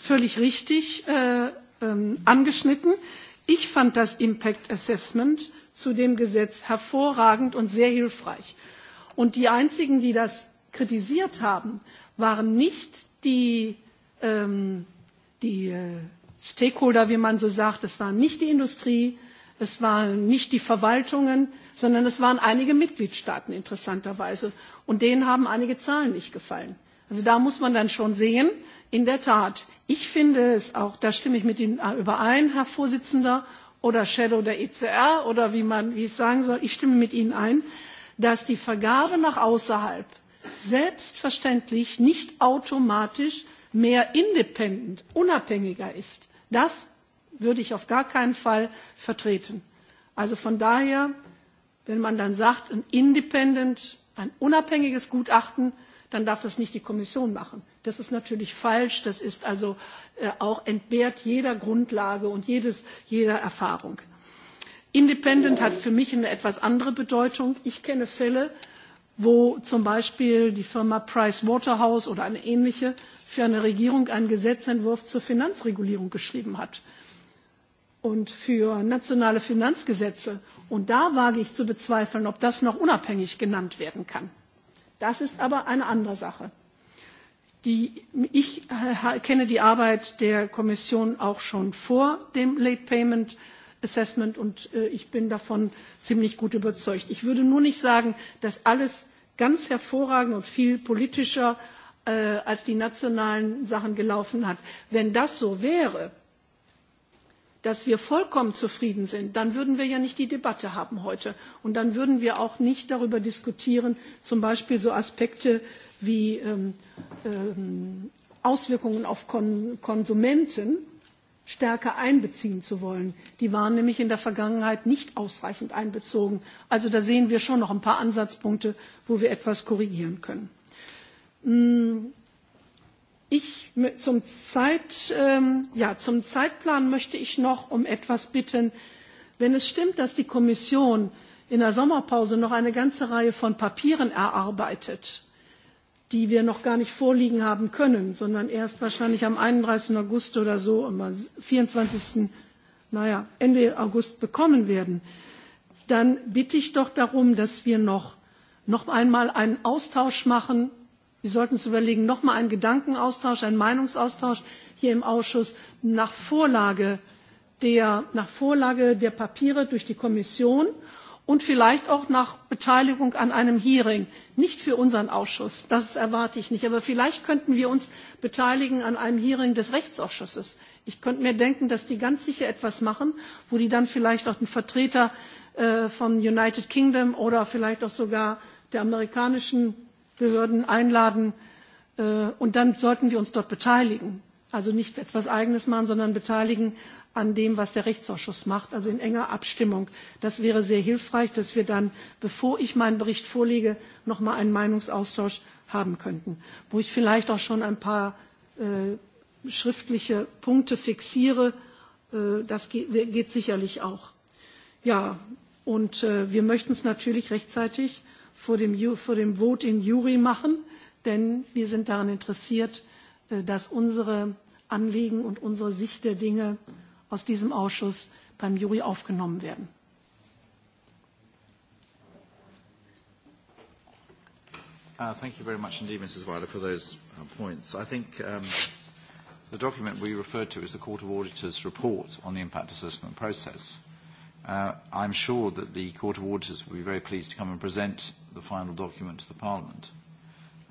völlig richtig äh, ähm, angeschnitten. Ich fand das Impact Assessment zu dem Gesetz hervorragend und sehr hilfreich. Und die einzigen, die das kritisiert haben, waren nicht die, ähm, die äh, Stakeholder, wie man so sagt, es waren nicht die Industrie, es waren nicht die Verwaltungen, sondern es waren einige Mitgliedstaaten interessanterweise. Und denen haben einige Zahlen nicht gefallen. Also da muss man dann schon sehen, in der Tat, ich finde es auch, da stimme ich mit Ihnen überein, Herr Vorsitzender, oder Shadow der ECR oder wie man wie es sagen soll, ich stimme mit Ihnen ein, dass die Vergabe nach außerhalb selbstverständlich nicht automatisch mehr independent, unabhängiger ist. Das würde ich auf gar keinen Fall vertreten. Also von daher, wenn man dann sagt, ein independent, ein unabhängiges Gutachten, dann darf das nicht die Kommission machen. Das ist natürlich falsch. Das ist also äh, auch entbehrt jeder Grundlage und jedes, jeder Erfahrung. Independent hat für mich eine etwas andere Bedeutung. Ich kenne Fälle, wo zum Beispiel die Firma Price Waterhouse oder eine ähnliche für eine Regierung einen Gesetzentwurf zur Finanzregulierung geschrieben hat und für nationale Finanzgesetze. Und da wage ich zu bezweifeln, ob das noch unabhängig genannt werden kann. Das ist aber eine andere Sache. Die, ich äh, kenne die Arbeit der Kommission auch schon vor dem Late Payment Assessment und äh, ich bin davon ziemlich gut überzeugt. Ich würde nur nicht sagen, dass alles ganz hervorragend und viel politischer äh, als die nationalen Sachen gelaufen hat. Wenn das so wäre, dass wir vollkommen zufrieden sind, dann würden wir ja nicht die Debatte haben heute. Und dann würden wir auch nicht darüber diskutieren, zum Beispiel so Aspekte wie ähm, ähm, Auswirkungen auf Kon Konsumenten stärker einbeziehen zu wollen. Die waren nämlich in der Vergangenheit nicht ausreichend einbezogen. Also da sehen wir schon noch ein paar Ansatzpunkte, wo wir etwas korrigieren können. Mm, ich, zum, Zeit, ähm, ja, zum Zeitplan möchte ich noch um etwas bitten. Wenn es stimmt, dass die Kommission in der Sommerpause noch eine ganze Reihe von Papieren erarbeitet, die wir noch gar nicht vorliegen haben können, sondern erst wahrscheinlich am 31. August oder so, am 24. Naja, Ende August bekommen werden, dann bitte ich doch darum, dass wir noch, noch einmal einen Austausch machen. Wir sollten uns überlegen, noch mal einen Gedankenaustausch, einen Meinungsaustausch hier im Ausschuss nach Vorlage der, nach Vorlage der Papiere durch die Kommission – und vielleicht auch nach Beteiligung an einem Hearing. Nicht für unseren Ausschuss, das erwarte ich nicht. Aber vielleicht könnten wir uns beteiligen an einem Hearing des Rechtsausschusses. Ich könnte mir denken, dass die ganz sicher etwas machen, wo die dann vielleicht auch den Vertreter äh, von United Kingdom oder vielleicht auch sogar der amerikanischen Behörden einladen. Äh, und dann sollten wir uns dort beteiligen. Also nicht etwas Eigenes machen, sondern beteiligen an dem, was der Rechtsausschuss macht, also in enger Abstimmung. Das wäre sehr hilfreich, dass wir dann, bevor ich meinen Bericht vorlege, noch mal einen Meinungsaustausch haben könnten, wo ich vielleicht auch schon ein paar äh, schriftliche Punkte fixiere. Äh, das geht, geht sicherlich auch. Ja, und äh, wir möchten es natürlich rechtzeitig vor dem, vor dem Vote in Juri machen, denn wir sind daran interessiert, Äh, dass unsere Anliegen und unsere Sicht der Dinge aus diesem Ausschuss beim Juri aufgenommen werden. Uh, thank you very much indeed, Mrs. Weiler, for those uh, points. I think um, the document we referred to is the Court of Auditors report on the impact assessment process. Uh, I'm sure that the Court of Auditors will be very pleased to come and present the final document to the Parliament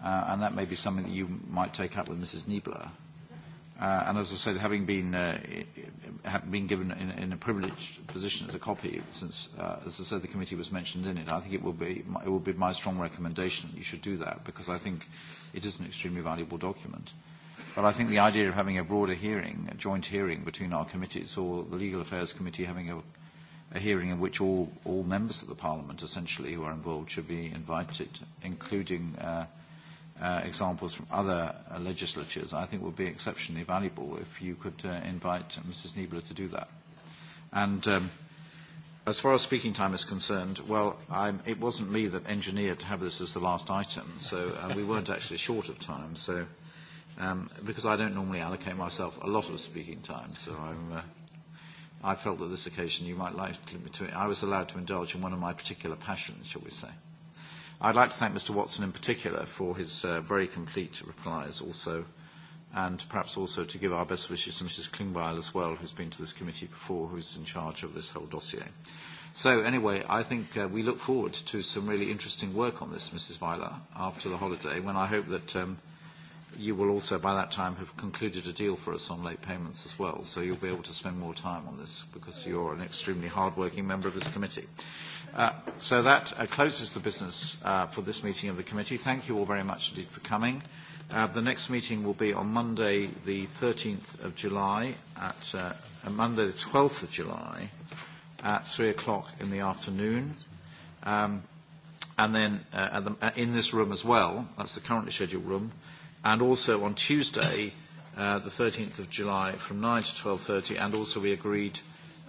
uh, and that may be something that you might take up with Mrs. Niebler. Uh, and as I said, having been, uh, having been given in, in a privileged position as a copy, since, uh, as I said, the committee was mentioned in it, I think it will, be, it will be my strong recommendation that you should do that, because I think it is an extremely valuable document. But I think the idea of having a broader hearing, a joint hearing between our committees, or the Legal Affairs Committee having a, a hearing in which all, all members of the Parliament, essentially, who are involved, should be invited, including... Uh, Uh, examples from other uh, legislatures, I think would be exceptionally valuable if you could uh, invite Mrs. Niebler to do that. And um, as far as speaking time is concerned, well, I'm, it wasn't me that engineered to have this as the last item, so uh, we weren't actually short of time. So, um, because I don't normally allocate myself a lot of speaking time, so I'm. Uh, I felt that this occasion you might like to, I was allowed to indulge in one of my particular passions, shall we say. I'd like to thank Mr. Watson in particular for his uh, very complete replies also, and perhaps also to give our best wishes to Mrs. Klingbeil as well, who's been to this committee before, who's in charge of this whole dossier. So anyway, I think uh, we look forward to some really interesting work on this, Mrs. Weiler, after the holiday, when I hope that um, you will also by that time have concluded a deal for us on late payments as well. So you'll be able to spend more time on this because you're an extremely hard-working member of this committee. Uh, so that uh, closes the business uh, for this meeting of the committee. Thank you all very much indeed for coming. Uh, the next meeting will be on Monday, the 13th of July, at uh, uh Monday, the 12th of July, at 3 o'clock in the afternoon. Um, and then uh, at the, uh, in this room as well, that's the currently scheduled room, and also on Tuesday, uh, the 13th of July, from 9 to 12.30, and also we agreed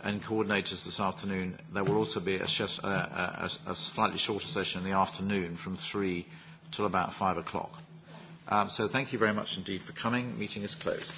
and coordinators this afternoon. There will also be a, a, uh, uh, a, a slightly shorter session in the afternoon from 3 till about 5 o'clock. Um, so thank you very much indeed for coming. Meeting is closed.